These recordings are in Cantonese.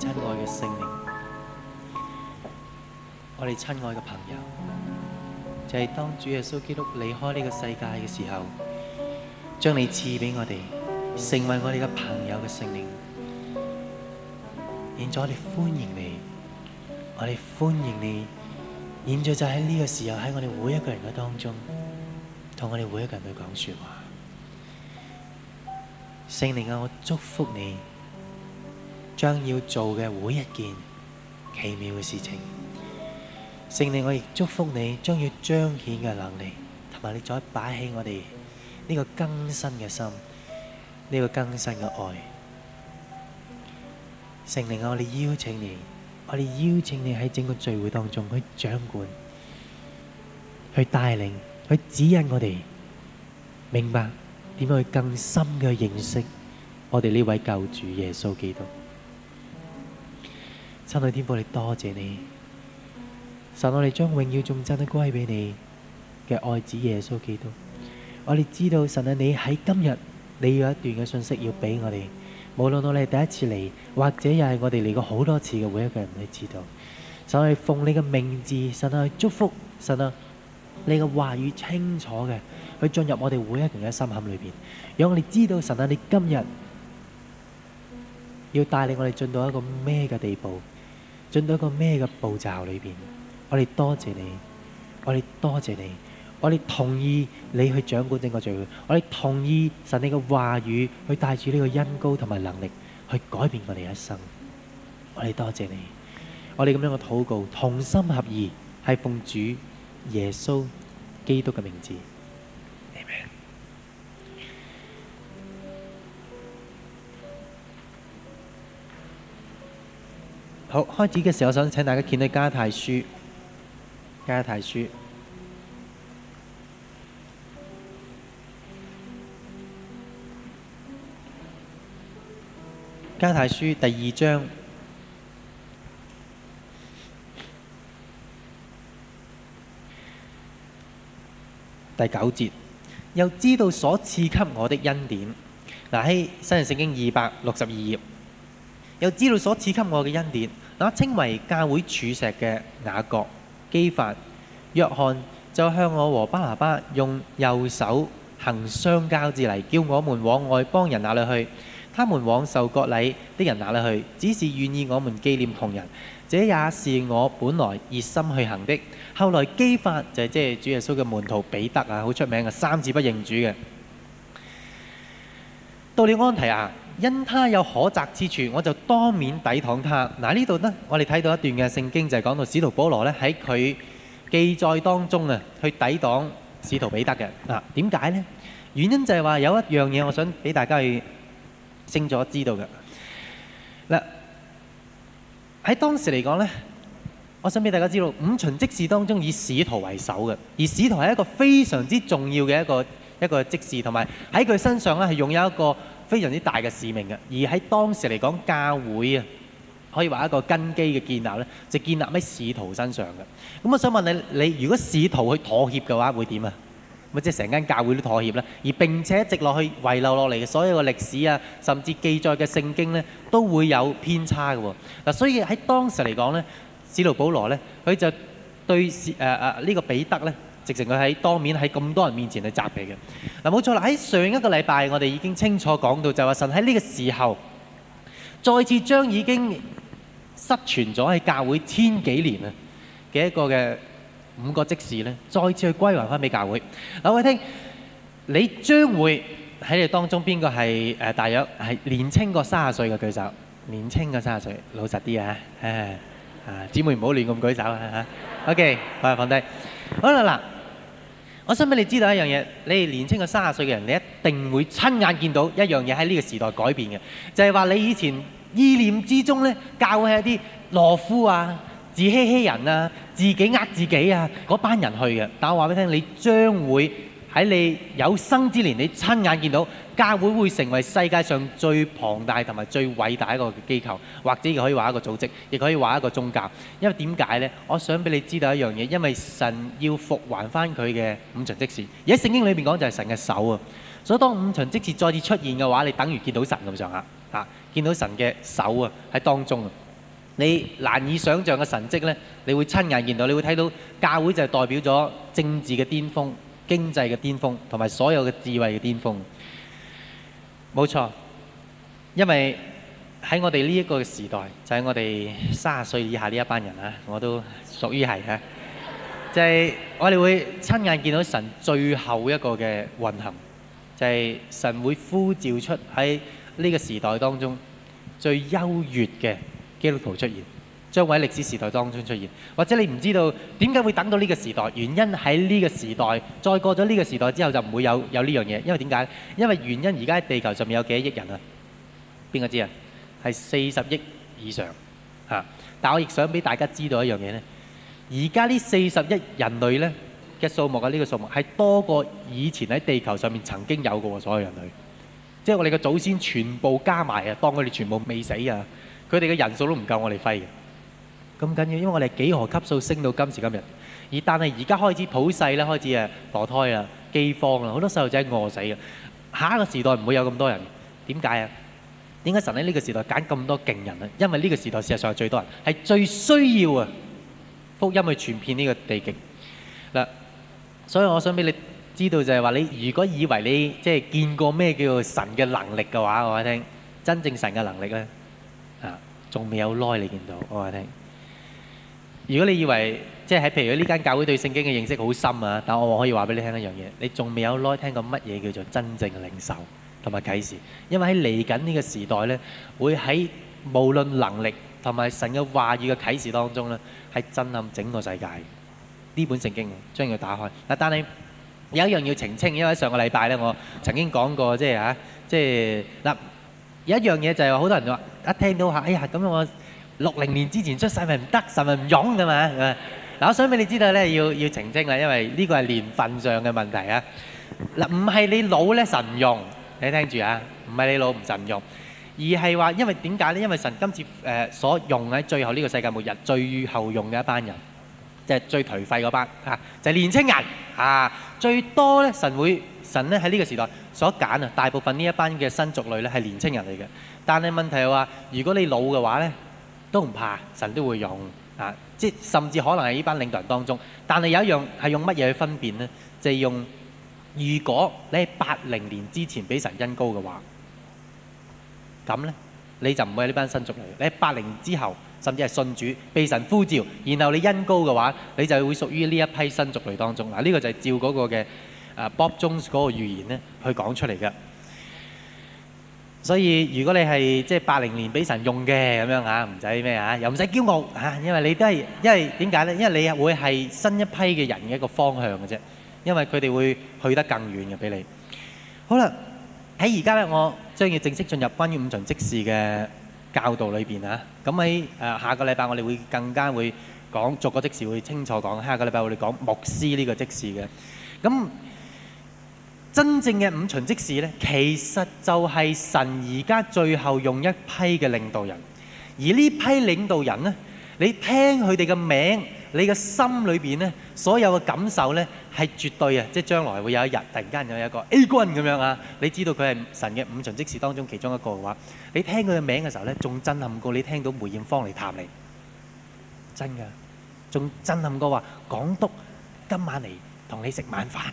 親愛嘅聖靈，我哋親愛嘅朋友，就係、是、當主耶穌基督離開呢個世界嘅時候，將你賜俾我哋，成為我哋嘅朋友嘅聖靈。現在我哋歡迎你，我哋歡迎你。現在就喺呢個時候，喺我哋每一個人嘅當中，同我哋每一個人去講說話。聖靈啊，我祝福你。將要做嘅每一件奇妙嘅事情，聖靈，我亦祝福你將要彰顯嘅能力，同埋你再擺起我哋呢個更新嘅心，呢個更新嘅愛。聖靈啊，我哋邀請你，我哋邀請你喺整個聚會當中去掌管，去帶領，去指引我哋，明白點樣去更深嘅認識我哋呢位救主耶穌基督。神啊，天父，你多謝你，神啊，我哋將榮耀仲真得歸俾你嘅愛子耶穌基督。我哋知道神啊，你喺今日你要有一段嘅信息要俾我哋。無論我哋係第一次嚟，或者又係我哋嚟過好多次嘅每一個人可以知道。神啊，我哋奉你嘅名字，神啊，祝福，神啊，你嘅話語清楚嘅，去進入我哋每一個人嘅心坎裏邊。讓我哋知道神啊，你今日要帶領我哋進到一個咩嘅地步？進到一個咩嘅步驟裏邊？我哋多謝你，我哋多謝你，我哋同意你去掌管整個聚會，我哋同意神你嘅話語去帶住呢個恩膏同埋能力去改變我哋一生。我哋多謝你，我哋咁樣嘅禱告，同心合意，係奉主耶穌基督嘅名字。好，開始嘅時候，我想請大家見到加拉太書，加拉太書，加拉太書第二章第九節，又知道所賜給我的恩典，嗱喺新約聖經二百六十二頁，又知道所賜給我嘅恩典。那稱為教會柱石嘅雅各、基法、約翰，就向我和巴拿巴用右手行相交之禮，叫我們往外邦人那裡去，他們往受割禮的人那裡去，只是願意我們紀念窮人。這也是我本來熱心去行的。後來基法就係即係主耶穌嘅門徒彼得啊，好出名嘅三次不認主嘅。到了安提阿。因他有可責之處，我就當面抵擋他。嗱、啊，呢度呢，我哋睇到一段嘅聖經，就係講到使徒保羅呢喺佢記載當中啊，去抵擋使徒彼得嘅。嗱、啊，點解呢？原因就係話有一樣嘢，我想俾大家去清楚知道嘅。嗱、啊，喺當時嚟講呢，我想俾大家知道五旬職事當中以使徒為首嘅，而使徒係一個非常之重要嘅一個一個職事，同埋喺佢身上咧係擁有一個。非常之大嘅使命嘅，而喺當時嚟講，教會啊，可以話一個根基嘅建立咧，就建立喺使徒身上嘅。咁我想問你，你如果使徒去妥協嘅話，會點啊？咪即係成間教會都妥協啦。而並且直落去遺留落嚟嘅所有嘅歷史啊，甚至記載嘅聖經咧，都會有偏差嘅。嗱，所以喺當時嚟講咧，使徒保羅咧，佢就對誒誒呢個彼得咧。直情佢喺當面喺咁多人面前去責你嘅。嗱，冇錯啦，喺上一個禮拜我哋已經清楚講到，就話神喺呢個時候再次將已經失傳咗喺教會千幾年啊，嘅一個嘅五個職事咧，再次去歸還翻俾教會。嗱、啊、我哋聽你將會喺你當中邊個係誒，大約係年青過三十歲嘅，舉手，年青過三十歲老實啲，啊誒，啊姊妹唔好亂咁舉手啊嚇，OK，快佢放低好啦嗱。我想俾你知道一樣嘢，你年輕過三十歲嘅人，你一定會親眼見到一樣嘢喺呢個時代改變嘅，就係話你以前意念之中呢，教會係一啲懦夫啊、自欺欺人啊、自己呃自己啊嗰班人去嘅。但我話俾你聽，你將會。喺你有生之年，你親眼見到教會會成為世界上最龐大同埋最偉大一個機構，或者亦可以話一個組織，亦可以話一個宗教。因為點解呢？我想俾你知道一樣嘢，因為神要復還翻佢嘅五旬職事。而喺聖經裏邊講就係神嘅手啊。所以當五旬職事再次出現嘅話，你等於見到神咁上下吓，見到神嘅手啊喺當中啊。你難以想象嘅神迹呢，你會親眼見到，你會睇到教會就係代表咗政治嘅巔峰，經濟嘅巔峰同埋所有嘅智慧嘅巔峰，冇錯，因為喺我哋呢一個時代，就係我哋三十歲以下呢一班人啊，我都屬於係啊，就係我哋會親眼見到神最後一個嘅運行，就係神會呼召出喺呢個時代當中最優越嘅基督徒出現。將會喺歷史時代當中出現，或者你唔知道點解會等到呢個時代？原因喺呢個時代，再過咗呢個時代之後就唔會有有呢樣嘢，因為點解？因為原因而家喺地球上面有幾多億人啊？邊個知啊？係四十億以上嚇。啊，但我亦想俾大家知道一樣嘢呢：而家呢四十億人類呢嘅數目啊，呢、呢個數目係多過以前喺地球上面曾經有過所有人類，即係我哋嘅祖先全部加埋啊，當佢哋全部未死啊，佢哋嘅人數都唔夠我哋揮嘅。咁緊要，因為我哋幾何級數升到今時今日，而但係而家開始普世啦，開始誒墮胎啊、饑荒啊，好多細路仔餓死啊！下一個時代唔會有咁多人，點解啊？點解神喺呢個時代揀咁多勁人啊？因為呢個時代事實上係最多人，係最需要啊福音去傳遍呢個地極嗱。所以我想俾你知道就係話，你如果以為你即係見過咩叫做神嘅能力嘅話，我話你聽，真正神嘅能力咧啊，仲未有耐你見到，我話你聽。如果你以為即係喺譬如呢間教會對聖經嘅認識好深啊，但我可以話俾你聽一樣嘢，你仲未有耐聽過乜嘢叫做真正嘅領受同埋啟示，因為喺嚟緊呢個時代咧，會喺無論能力同埋神嘅話語嘅啟示當中咧，係震撼整個世界。呢本聖經將佢打開嗱，但係有一樣要澄清，因為上個禮拜咧我曾經講過，即係嚇，即係嗱有一樣嘢就係話好多人都話一聽到嚇，哎呀咁樣我。六零年之前出世咪唔得，神咪唔用噶嘛？嗱，我想俾你知道咧，要要澄清啦，因為呢個係年份上嘅問題啊。嗱，唔係你老咧神唔用，你聽住啊，唔係你老唔神用，而係話因為點解咧？因為神今次誒所用喺最後呢個世界末日最後用嘅一班人，就係最頹廢嗰班啊，就係年青人啊。最多咧神會神咧喺呢個時代所揀啊，大部分呢一班嘅新族類咧係年青人嚟嘅。但係問題係話，如果你老嘅話咧，都唔怕，神都會用啊！即甚至可能係呢班領導人當中，但係有一樣係用乜嘢去分辨呢？就係、是、用，如果你喺八零年之前俾神恩膏嘅話，咁呢，你就唔會係呢班新族類。你喺八零年之後，甚至係信主、被神呼召，然後你恩膏嘅話，你就會屬於呢一批新族類當中。嗱、啊，呢、這個就係照嗰個嘅、啊、Bob Jones 嗰個預言咧去講出嚟嘅。所以如果你係即係八零年俾神用嘅咁樣啊，唔使咩啊，又唔使驕傲嚇，因為你都係因為點解咧？因為你會係新一批嘅人嘅一個方向嘅啫，因為佢哋會去得更遠嘅俾你。好啦，喺而家咧，我將要正式進入關於五旬職事嘅教導裏邊啊。咁喺誒下個禮拜，我哋會更加會講逐個職事會清楚講。下個禮拜我哋講牧師呢個職事嘅咁。真正嘅五旬職事呢，其實就係神而家最後用一批嘅領導人，而呢批領導人呢，你聽佢哋嘅名，你嘅心裏邊呢，所有嘅感受呢，係絕對啊！即係將來會有一日，突然間有一個 A 君咁樣啊，你知道佢係神嘅五旬職事當中其中一個嘅話，你聽佢嘅名嘅時候呢，仲震撼過你聽到梅艷芳嚟探你，真㗎，仲震撼過話港督今晚嚟同你食晚飯。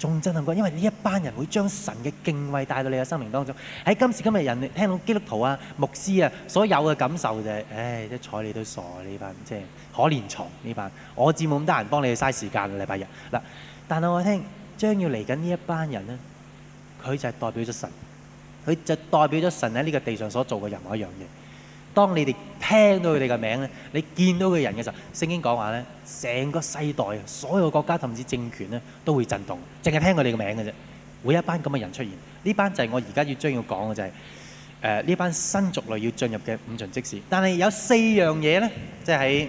仲震撼過，因為呢一班人會將神嘅敬畏帶到你嘅生命當中。喺今時今日人哋聽到基督徒啊、牧師啊，所有嘅感受就係、是，唉、哎，一睬你都傻，呢班即係可憐蟲，呢班。我至冇咁得閒幫你嘥時間，禮拜日嗱。但係我聽將要嚟緊呢一班人咧，佢就係代表咗神，佢就代表咗神喺呢個地上所做嘅任何一樣嘢。當你哋聽到佢哋嘅名咧，你見到佢人嘅時候，聖經講話咧，成個世代所有國家甚至政權咧都會震動。淨係聽佢哋嘅名嘅啫，會一班咁嘅人出現。呢班就係我而家要將要講嘅就係誒呢班新族類要進入嘅五旬職事。但係有四樣嘢咧，即係喺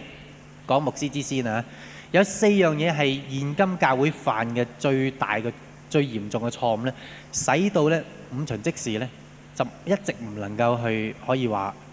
講牧師之先啊，有四樣嘢係現今教會犯嘅最大嘅最嚴重嘅錯誤咧，使到咧五旬職事咧就一直唔能夠去可以話。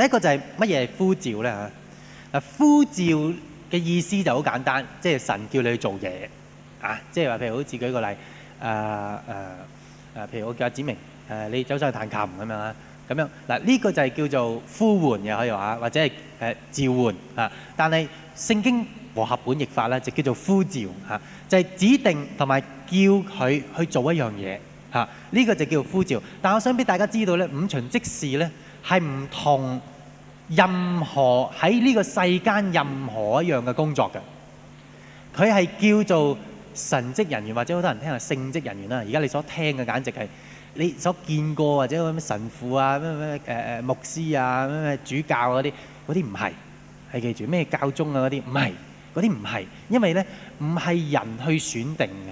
第一個就係乜嘢係呼召咧嚇？嗱，呼召嘅意思就好簡單，即、就、係、是、神叫你去做嘢嚇，即係話譬如好似舉個例，誒誒誒，譬如我叫阿子明，誒、啊、你走上去彈琴咁樣啦，咁樣嗱，呢、這個就係叫做呼喚嘅可以話，或者係誒召喚嚇、啊。但係聖經和合本譯法咧就叫做呼召嚇、啊，就係、是、指定同埋叫佢去做一樣嘢嚇，呢、啊這個就叫做呼召。但係我想俾大家知道咧，五旬職事咧。係唔同任何喺呢個世間任何一樣嘅工作嘅，佢係叫做神職人員，或者好多人聽係聖職人員啦。而家你所聽嘅，簡直係你所見過或者咩神父啊咩咩誒誒牧師啊咩咩主教嗰啲嗰啲，唔係。係記住咩教宗啊嗰啲唔係，嗰啲唔係，因為咧唔係人去選定嘅，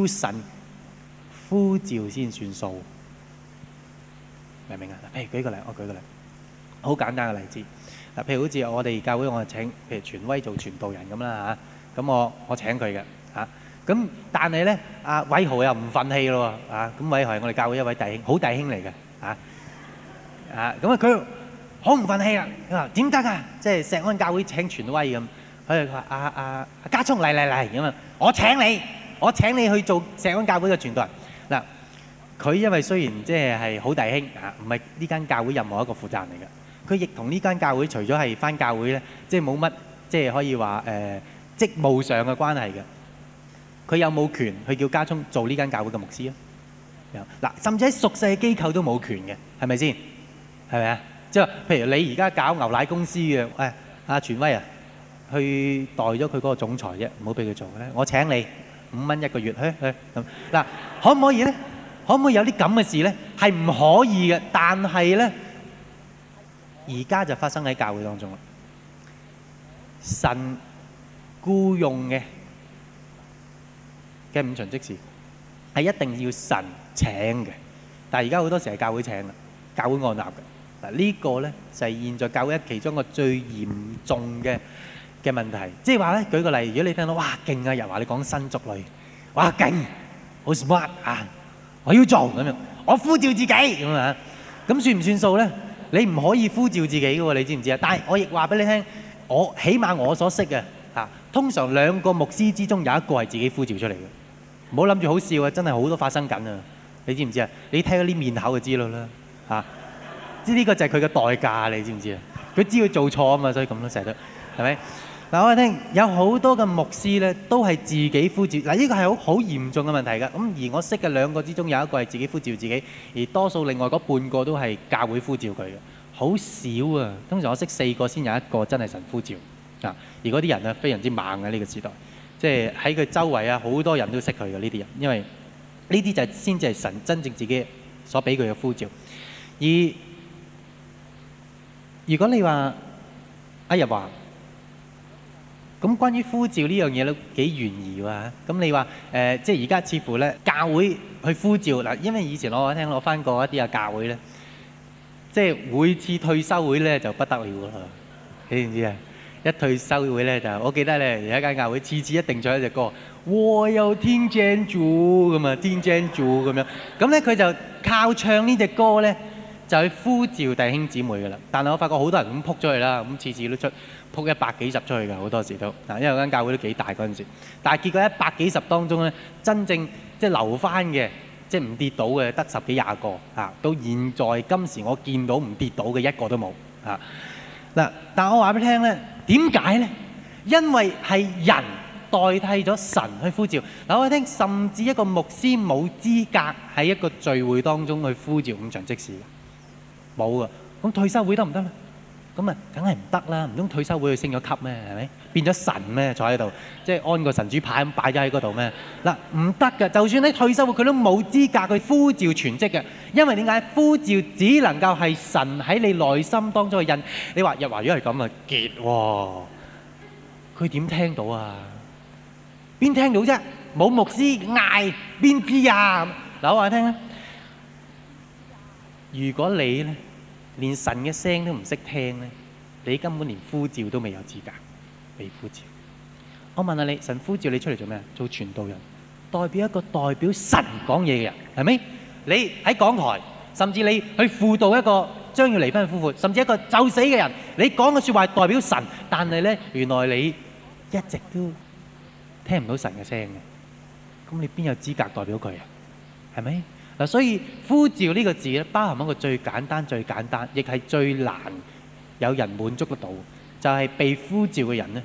要神呼召先算數。明唔明啊？嗱，譬如舉一個例，我舉個例，好簡單嘅例子。嗱，譬如好似我哋教會我請，譬如傳威做傳道人咁啦嚇，咁、啊、我我請佢嘅嚇。咁、啊、但係咧，阿偉豪又唔憤氣咯喎。咁偉豪係我哋教會一位弟兄，好弟兄嚟嘅嚇嚇。咁啊，佢好唔憤氣啦。佢話點得啊？即係石安教會請傳威咁。佢話阿阿阿家聰嚟嚟嚟咁啊，我請你，我請你去做石安教會嘅傳道人。佢因為雖然即係係好弟兄嚇，唔係呢間教會任何一個負責人嚟嘅，佢亦同呢間教會除咗係返教會咧，即係冇乜即係可以話誒職務上嘅關係嘅。佢有冇權去叫家聰做呢間教會嘅牧師啊？嗱，甚至喺熟世機構都冇權嘅，係咪先？係咪啊？即係譬如你而家搞牛奶公司嘅，誒、哎、阿、啊、全威啊，去代咗佢嗰個總裁啫，唔好俾佢做咧，我請你五蚊一個月，去去咁嗱，可唔可以咧？可唔可以有啲咁嘅事咧？係唔可以嘅，但係咧，而家就發生喺教會當中啦。神僱用嘅嘅五旬職事，係一定要神請嘅，但係而家好多時係教會請啦，教會按立嘅。嗱，呢個咧就係現在教會其中一個最嚴重嘅嘅問題。即係話咧，舉個例，如果你聽到哇勁啊，又話你講新族類哇勁，好 smart 啊！我要做咁樣，我呼召自己咁啊，咁算唔算數呢？你唔可以呼召自己嘅喎，你知唔知啊？但係我亦話俾你聽，我起碼我所識嘅嚇，通常兩個牧師之中有一個係自己呼召出嚟嘅，唔好諗住好笑啊！真係好多發生緊啊，你知唔知啊？你睇嗰啲面口就知啦嚇，即係呢個就係佢嘅代價，你知唔知啊？佢知佢做錯啊嘛，所以咁咯，成日都係咪？嗱，我哋聽有好多嘅牧師呢都係自己呼召。嗱，呢個係好嚴重嘅問題㗎。咁而我識嘅兩個之中有一個係自己呼召自己，而多數另外嗰半個都係教會呼召佢的，好少啊。通常我識四個先有一個真係神呼召啊。而嗰啲人呢，非常之猛嘅呢、呢個時代，即係喺佢周圍啊，好多人都識佢的呢啲人，因為呢啲就係先至係神真正自己所畀佢嘅呼召。而如果你話阿日華咁關於呼召呢樣嘢都幾懸疑喎。咁你話誒、呃，即係而家似乎咧，教會去呼召嗱，因為以前我聽攞翻過一啲啊教會咧，即係每次退休會咧就不得了啦。你知唔知啊？一退休會咧，就我記得咧有一間教會次次一定唱一隻歌，我有天井賜咁啊，天井咁樣咁咧，佢就靠唱這呢隻歌咧。就去呼召弟兄姊妹噶啦，但係我發覺好多人咁撲出去啦，咁次次都出撲一百幾十出去噶好多時都嗱，因為間教會都幾大嗰陣時，但係結果一百幾十當中咧，真正即係留翻嘅，即係唔跌倒嘅，得十幾廿個啊。到現在今時我見到唔跌倒嘅一個都冇啊嗱，但我話俾你聽咧，點解咧？因為係人代替咗神去呼召。嗱，我聽甚至一個牧師冇資格喺一個聚會當中去呼召五場即時。冇噶，咁退修會得唔得咧？咁啊，梗係唔得啦！唔通退修會去升咗級咩？係咪變咗神咩？坐喺度，即係安個神主牌咁擺咗喺嗰度咩？嗱，唔得噶！就算喺退修會，佢都冇資格去呼召全職嘅，因為點解呼召只能夠係神喺你內心當中嘅印。你話日華如果係咁啊？結喎，佢點聽到啊？邊聽到啫？冇牧師嗌邊 P 啊？嗱，我話你聽啊！如果你咧連神嘅聲都唔識聽咧，你根本連呼召都未有資格被呼召。我問下你，神呼召你出嚟做咩？做傳道人，代表一個代表神講嘢嘅人，係咪？你喺講台，甚至你去輔導一個將要離婚嘅夫婦，甚至一個就死嘅人，你講嘅說話係代表神，但係咧，原來你一直都聽唔到神嘅聲嘅，咁你邊有資格代表佢啊？係咪？嗱，所以呼召呢個字咧，包含一個最簡單、最簡單，亦係最難有人滿足得到，就係、是、被呼召嘅人咧，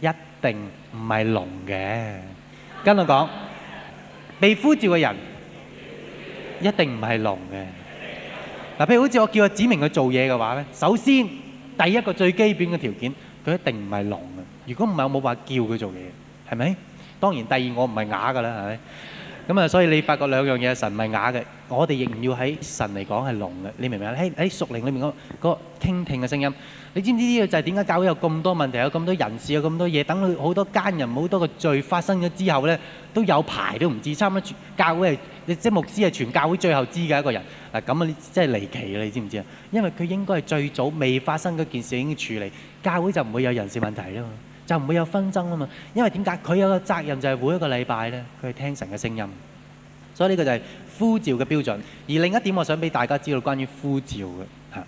一定唔係聾嘅。跟我講，被呼召嘅人一定唔係聾嘅。嗱，譬如好似我叫阿子明去做嘢嘅話咧，首先第一個最基本嘅條件，佢一定唔係聾嘅。如果唔係，我冇話叫佢做嘢，係咪？當然，第二我唔係啞噶啦，係咪？咁啊、嗯，所以你發覺兩樣嘢，神係啞嘅，我哋亦唔要喺神嚟講係聾嘅，你明唔明啊？喺喺屬靈裏面嗰個、嗰個傾聽嘅聲音，你知唔知呢個就係點解教會有咁多問題，有咁多人事，有咁多嘢，等佢好多奸人、好多個罪發生咗之後咧，有都有排都唔知，差唔多教會係，即牧師係全教會最後知嘅一個人。嗱，咁啊，真係離奇啦，你知唔知啊？因為佢應該係最早未發生嗰件事情已經處理，教會就唔會有人事問題啦嘛。就唔會有紛爭啊嘛，因為點解佢有個責任就係每一個禮拜咧，佢係聽神嘅聲音的，所以呢個就係呼召嘅標準。而另一點，我想俾大家知道關於呼召嘅嚇，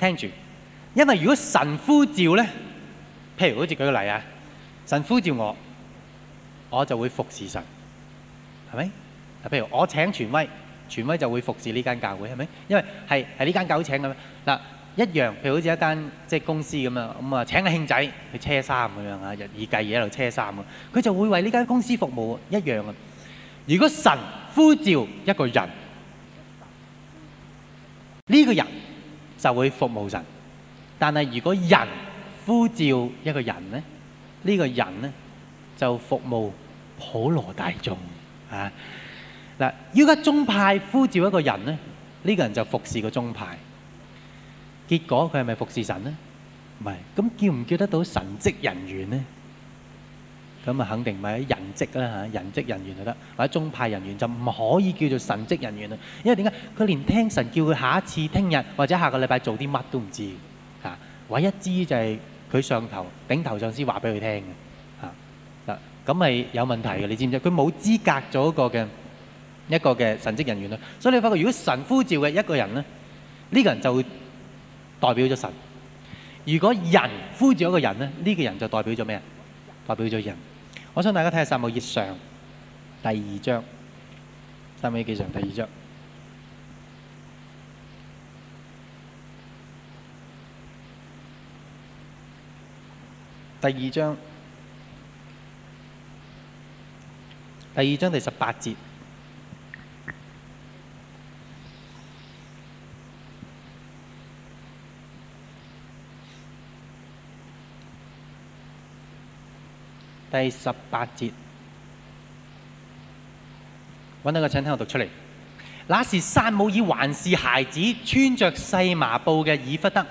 聽住。因為如果神呼召咧，譬如好似舉個例啊，神呼召我，我就會服侍神，係咪？譬如我請全威，全威就會服侍呢間教會，係咪？因為係係呢間教會請嘅嗱。一樣，譬如好似一間即係公司咁啊，咁啊請個僆仔去車衫咁樣嚇，日以繼夜喺度車衫啊，佢就會為呢間公司服務啊，一樣啊。如果神呼召一個人，呢個人就會服務神。但係如果人呼召一個人咧，呢個人咧就服務普羅大眾啊。嗱，依家宗派呼召一個人咧，呢個人就服侍個宗派。結果佢係咪服侍神呢？唔係，咁叫唔叫得到神職人員呢？咁啊，肯定唔係人職啦嚇，人職人員就得，或者宗派人員就唔可以叫做神職人員啦。因為點解佢連聽神叫佢下一次聽日或者下個禮拜做啲乜都唔知，嗱，唯一知就係佢上頭頂頭上司話俾佢聽嘅嗱，咁咪有問題嘅，你知唔知？佢冇資格做一個嘅一個嘅神職人員啦。所以你發覺，如果神呼召嘅一個人咧，呢個人就會，代表咗神。如果人呼住一個人咧，呢個人就代表咗咩啊？代表咗人。我想大家睇下《撒母耳記上》第二章，《撒母耳記上》第二章。第二章，第二章第十八節。第十八節，揾到個請聽我讀出嚟。那時撒母耳還是孩子，穿着細麻布嘅以弗得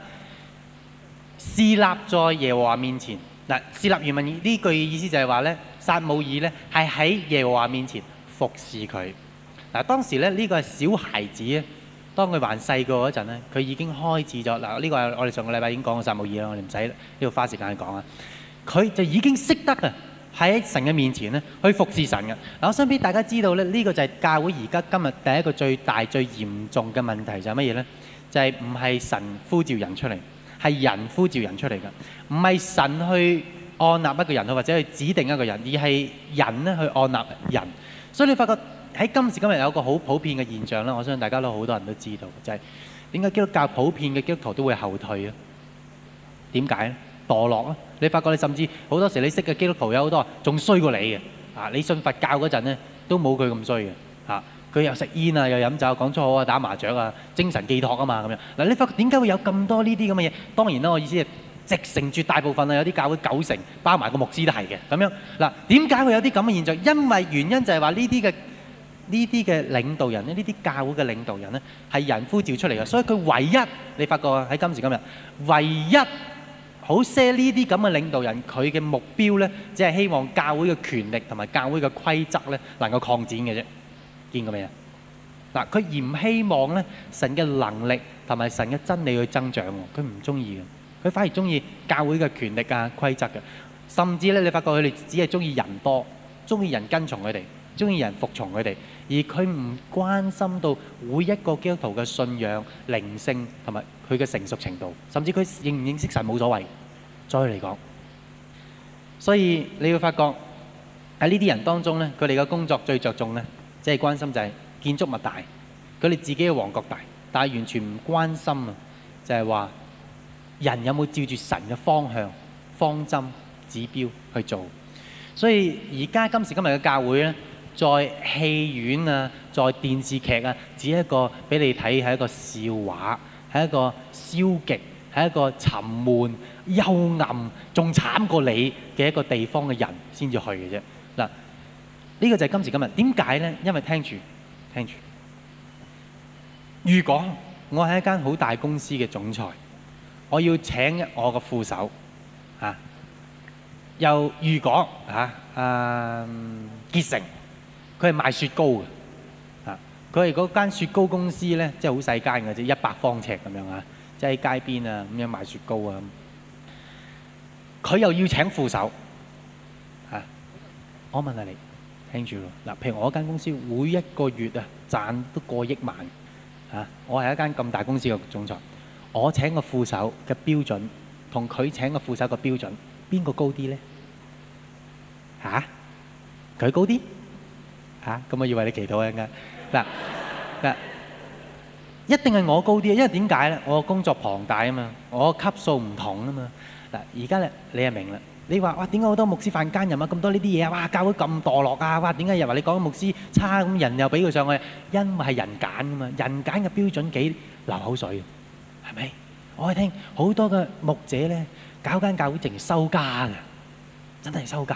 侍立在耶和華面前。嗱，侍立原文呢句意思就係話咧，撒母耳咧係喺耶和華面前服侍佢。嗱，當時咧呢、這個係小孩子，當佢還細個嗰陣咧，佢已經開始咗。嗱，呢個係我哋上個禮拜已經講過撒母耳啦，我哋唔使呢度花時間去講啊。佢就已經識得啊。喺神嘅面前咧，去服侍神嘅。嗱，我想俾大家知道咧，呢個就係教會而家今日第一個最大、最嚴重嘅問題就係乜嘢呢？就係唔係神呼召人出嚟，係人呼召人出嚟嘅，唔係神去按立一個人，或者去指定一個人，而係人咧去按立人。所以你發覺喺今時今日有個好普遍嘅現象咧，我相信大家都好多人都知道，就係點解基督教普遍嘅基督徒都會後退啊？點解咧？墮落啦！你發覺你甚至好多時你識嘅基督徒有好多仲衰過你嘅啊！你信佛教嗰陣咧，都冇佢咁衰嘅啊！佢又食煙啊，又飲酒，講粗口啊，打麻雀啊，精神寄託啊嘛咁樣嗱！你發覺點解會有咁多呢啲咁嘅嘢？當然啦，我意思係直成絕大部分啊，有啲教會九成包埋個牧師都係嘅咁樣嗱。點解會有啲咁嘅現象？因為原因就係話呢啲嘅呢啲嘅領導人呢，呢啲教會嘅領導人呢，係人呼召出嚟嘅，所以佢唯一你發覺啊喺今時今日唯一。好些呢啲咁嘅領導人，佢嘅目標呢，只係希望教會嘅權力同埋教會嘅規則呢能夠擴展嘅啫。見過未啊？嗱，佢唔希望呢神嘅能力同埋神嘅真理去增長，佢唔中意嘅，佢反而中意教會嘅權力啊規則嘅。甚至呢，你發覺佢哋只係中意人多，中意人跟從佢哋，中意人服從佢哋。而佢唔關心到每一個基督徒嘅信仰、靈性同埋佢嘅成熟程度，甚至佢認唔認識神冇所謂。再嚟講，所以你會發覺喺呢啲人當中呢，佢哋嘅工作最着重呢，即係關心就係建築物大，佢哋自己嘅王國大，但係完全唔關心啊！就係話人有冇照住神嘅方向、方針、指標去做。所以而家今時今日嘅教會呢。在戲院啊，在電視劇啊，只一個俾你睇係一個笑話，係一個消極，係一個沉悶、幽暗、仲慘過你嘅一個地方嘅人先至去嘅啫。嗱，呢個就係今時今日點解呢？因為聽住聽住，如果講我係一間好大公司嘅總裁，我要請我嘅副手啊，又預講啊，嗯、啊，結成。佢係賣雪糕嘅啊！佢係嗰間雪糕公司咧，即係好細間嘅啫，一百方尺咁樣啊，即係喺街邊啊咁樣賣雪糕啊。佢又要請副手啊！我問下你，聽住啦。嗱，譬如我嗰間公司每一個月啊賺都過億萬啊！我係一間咁大公司嘅總裁，我請個副手嘅標準同佢請個副手嘅標準邊個高啲咧？嚇，佢高啲？嚇！咁我要為你祈禱嘅，嗱嗱，一定係我高啲，因為點解咧？我工作龐大啊嘛，我級數唔同啊嘛。嗱，而家咧你又明啦。你話哇，點解好多牧師犯奸淫啊？咁多呢啲嘢啊！哇，教會咁墮落啊！哇，點解又話你講牧師差咁？人又俾佢上去，因為係人揀啊嘛。人揀嘅標準幾流口水，係咪？我聽好多嘅牧者咧，搞間教會淨收家嘅，真係收家。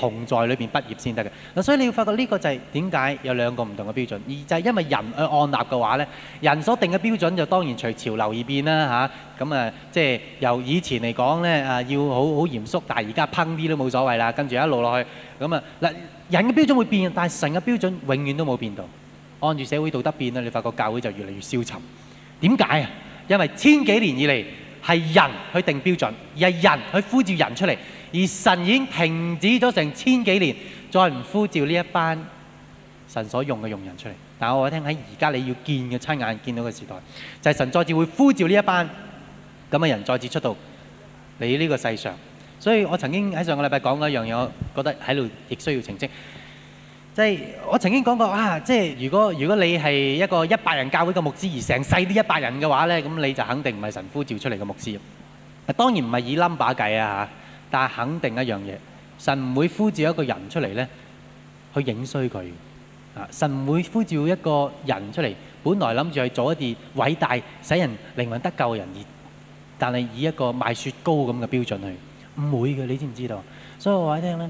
同在裏邊畢業先得嘅，嗱，所以你要發覺呢個就係點解有兩個唔同嘅標準，而就係因為人去按立嘅話咧，人所定嘅標準就當然隨潮流而變啦嚇，咁啊即係由以前嚟講咧啊要好好嚴肅，但係而家烹啲都冇所謂啦，跟住一路落去，咁啊嗱，人嘅標準會變，但係神嘅標準永遠都冇變到，按住社會道德變啦，你發覺教會就越嚟越消沉，點解啊？因為千幾年以嚟係人去定標準，而係人去呼召人出嚟。而神已經停止咗成千幾年，再唔呼召呢一班神所用嘅用人出嚟。但係我聽喺而家你要見嘅親眼見到嘅時代，就係神再次會呼召呢一班咁嘅人再次出到你呢個世上。所以我曾經喺上個禮拜講過一樣嘢，我覺得喺度亦需要澄清。即係我曾經講過啊，即係如果如果你係一個一百人教會嘅牧師而成世啲一百人嘅話咧，咁你就肯定唔係神呼召出嚟嘅牧師。啊，當然唔係以 number 計啊嚇。但係肯定一樣嘢，神唔會呼召一個人出嚟咧，去影衰佢。啊，神唔會呼召一個人出嚟，本來諗住去做一啲偉大使人靈魂得救嘅人而，但係以一個賣雪糕咁嘅標準去，唔會嘅，你知唔知道？所以我話你聽咧，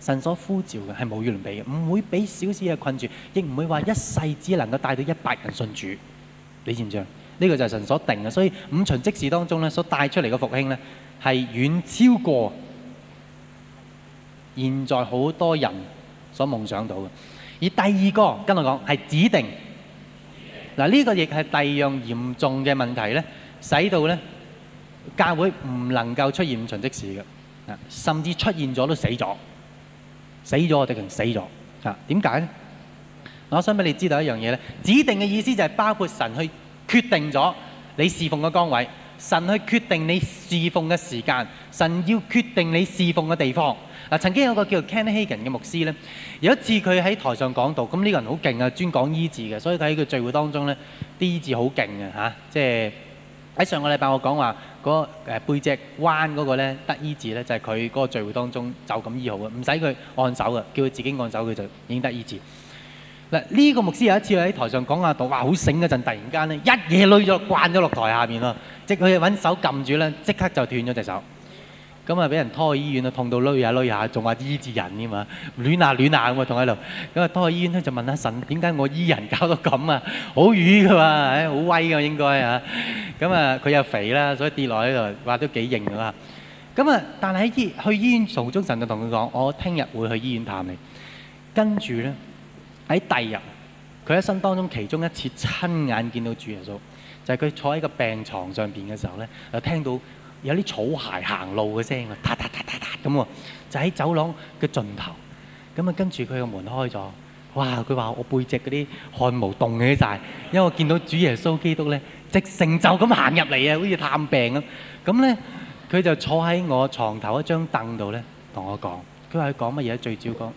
神所呼召嘅係無與倫比嘅，唔會俾小事嘅困住，亦唔會話一世只能夠帶到一百人信主。你知唔知啊？呢個就係神所定嘅，所以五旬職事當中咧所帶出嚟嘅復興咧。係遠超過現在好多人所夢想到嘅。而第二個跟我講係指定，嗱呢定個亦係第二樣嚴重嘅問題咧，使到咧教會唔能夠出現五旬職事嘅，啊甚至出現咗都死咗，死咗定定死咗啊？點解咧？我想俾你知道一樣嘢咧，指定嘅意思就係包括神去決定咗你侍奉嘅崗位。神去決定你侍奉嘅時間，神要決定你侍奉嘅地方。嗱，曾經有個叫做 Ken Hagen 嘅牧師咧，有一次佢喺台上講道，咁呢個人好勁啊，專講醫治嘅，所以喺佢聚會當中咧，啲醫治好勁嘅嚇，即係喺上個禮拜我講話嗰誒背脊彎嗰個咧得醫治咧，就係佢嗰個聚會當中就咁醫好嘅，唔使佢按手嘅，叫佢自己按手佢就已經得醫治嗱。呢個牧師有一次喺台上講下道，哇，好醒嗰陣，突然間咧一嘢累咗，慣咗落台下面啦。即佢揾手撳住咧，即刻就斷咗隻手。咁啊，俾人拖去醫院啊，痛到攣下攣下，仲話醫治人嘅嘛，攣下攣下咁啊，痛喺度。咁啊，拖去醫院咧，就問下神：點解我醫人搞到咁啊？好瘀嘅嘛，好威嘅應該啊。咁、哎、啊，佢、啊、又肥啦，所以跌落喺度話都幾型啦。咁啊，但係喺醫去醫院途中，神就同佢講：我聽日會去醫院探你。跟住咧，喺第二日，佢一生當中其中一次親眼見到主耶穌。就係佢坐喺個病床上邊嘅時候咧，就聽到有啲草鞋行路嘅聲啊，嗒嗒嗒嗒嗒咁喎，就喺走廊嘅盡頭，咁啊，跟住佢個門開咗，哇！佢話我背脊嗰啲汗毛凍起晒，因為我見到主耶穌基督咧，即成就咁行入嚟啊，好似探病咁，咁咧佢就坐喺我床頭一張凳度咧，同我講，佢話佢講乜嘢？最主要講，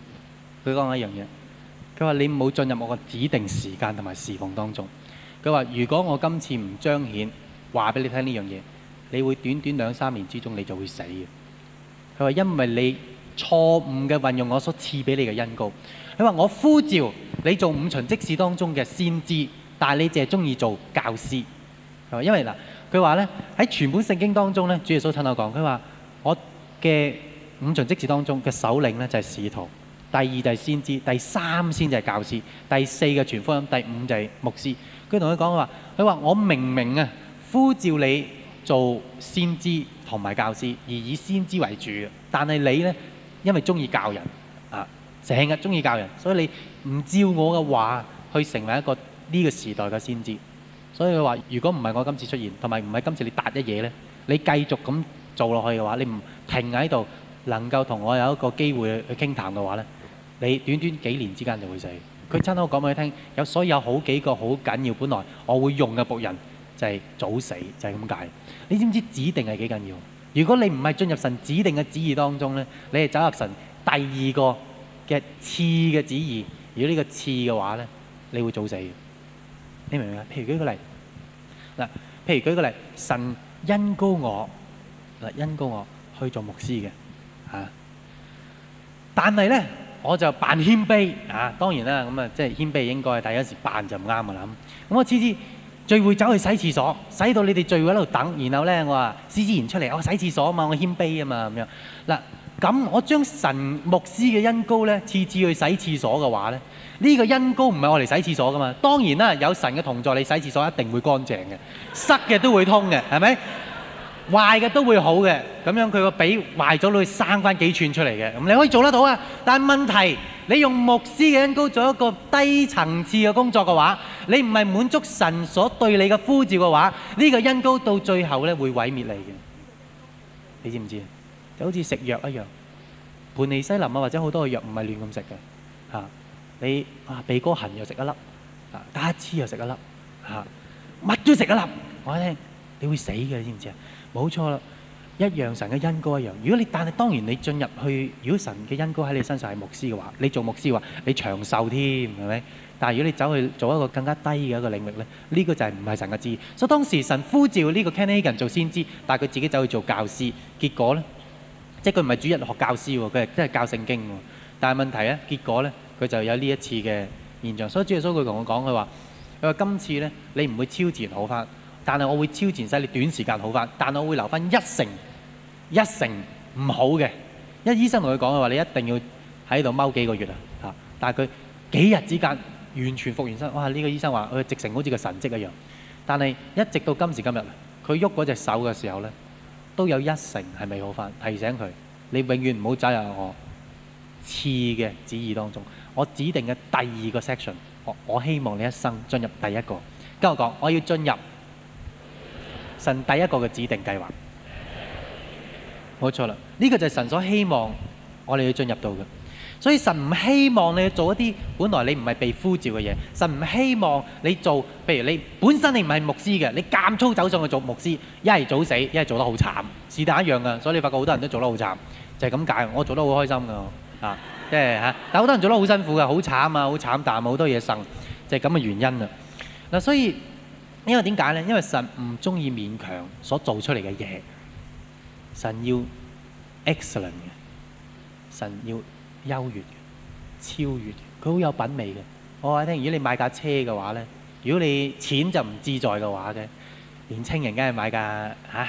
佢講一樣嘢，佢話你冇進入我個指定時間同埋侍奉當中。佢話：如果我今次唔彰顯，話俾你聽呢樣嘢，你會短短兩三年之中你就會死嘅。佢話因為你錯誤嘅運用我所賜俾你嘅恩膏。佢話我呼召你做五旬職事當中嘅先知，但係你淨係中意做教師。佢話因為嗱，佢話咧喺全本聖經當中咧，主耶穌親口講，佢話我嘅五旬職事當中嘅首領咧就係使徒。第二就係先知，第三先就係教師，第四嘅傳福音，第五就係牧師。佢同佢講話，佢話我明明啊呼召你做先知同埋教師，而以先知為主嘅，但係你咧因為中意教人啊，成日中意教人，所以你唔照我嘅話去成為一個呢個時代嘅先知。所以佢話：如果唔係我今次出現，同埋唔係今次你答一嘢咧，你繼續咁做落去嘅話，你唔停喺度能夠同我有一個機會去傾談嘅話咧，你短短幾年之間就會死。佢親口講俾你聽，有，所以有好幾個好緊要，本來我會用嘅僕人就係早死，就係咁解。你知唔知指定係幾緊要？如果你唔係進入神指定嘅旨意當中呢，你係走入神第二個嘅次嘅旨意。如果呢個次嘅話呢，你會早死。你明唔明啊？譬如舉個例，嗱，譬如舉個例，神恩膏我，嗱，恩膏我去做牧師嘅嚇，但係呢。我就扮謙卑啊！當然啦，咁啊，即係謙卑應該，第一時扮就唔啱啦。咁，我次次聚會走去洗廁所，洗到你哋聚會喺度等，然後呢，我話，司志賢出嚟，我洗廁所啊嘛，我謙卑啊嘛，咁樣嗱。咁、啊、我將神牧師嘅恩膏呢，次次去洗廁所嘅話呢，呢、呢個恩膏唔係我嚟洗廁所噶嘛。當然啦，有神嘅同在，你洗廁所一定會乾淨嘅，塞嘅都會通嘅，係咪？壞嘅都會好嘅，咁樣佢個髀壞咗，都會生翻幾寸出嚟嘅。咁你可以做得到啊！但係問題，你用牧師嘅恩膏做一個低層次嘅工作嘅話，你唔係滿足神所對你嘅呼召嘅話，呢個恩膏到最後咧會毀滅你嘅。你知唔知？就好似食藥一樣，盤尼西林啊，或者好多嘅藥唔係亂咁食嘅嚇。你啊鼻哥痕又食一粒，打乞嗤又食一粒，嚇，乜都要食一粒。我話你，你會死嘅，你知唔知啊？冇錯啦，一樣神嘅恩膏一樣。如果你但係當然你進入去，如果神嘅恩膏喺你身上係牧師嘅話，你做牧師嘅話你長壽添，係咪？但係如果你走去做一個更加低嘅一個領域呢，呢個就係唔係神嘅旨意。所以當時神呼召呢個 Canadian 做先知，但係佢自己走去做教師，結果呢，即係佢唔係主日學教師喎，佢係真係教聖經。但係問題呢，結果呢，佢就有呢一次嘅現象。所以主耶穌佢同我講，佢話：佢話今次呢，你唔會超自然好翻。但係我會超前使你短時間好翻。但係我會留翻一成、一成唔好嘅。因為醫生同佢講嘅話，你一定要喺度踎幾個月啊！嚇，但係佢幾日之間完全復原身。哇！呢個醫生話佢直成好似個神蹟一樣。但係一直到今時今日，佢喐嗰隻手嘅時候咧，都有一成係未好翻。提醒佢，你永遠唔好走入我次嘅旨意當中。我指定嘅第二個 section，我我希望你一生進入第一個。跟我講，我要進入。神第一個嘅指定計劃，冇錯啦。呢個就係神所希望我哋要進入到嘅。所以神唔希望你做一啲本來你唔係被呼召嘅嘢。神唔希望你做，譬如你本身你唔係牧師嘅，你監粗走上去做牧師，一係早死，一係做得好慘。是但一樣噶。所以你發覺好多人都做得好慘，就係咁解。我做得好開心㗎，啊，即係嚇。但係好多人做得好辛苦㗎，好慘啊，好慘。但係好多嘢信，就係咁嘅原因啦。嗱，所以。因為點解咧？因為神唔中意勉強所做出嚟嘅嘢，神要 excellent 嘅，神要優越、超越，佢好有品味嘅。我話你聽，如果你買架車嘅話咧，如果你錢就唔志在嘅話嘅，年青人梗係買架吓、啊，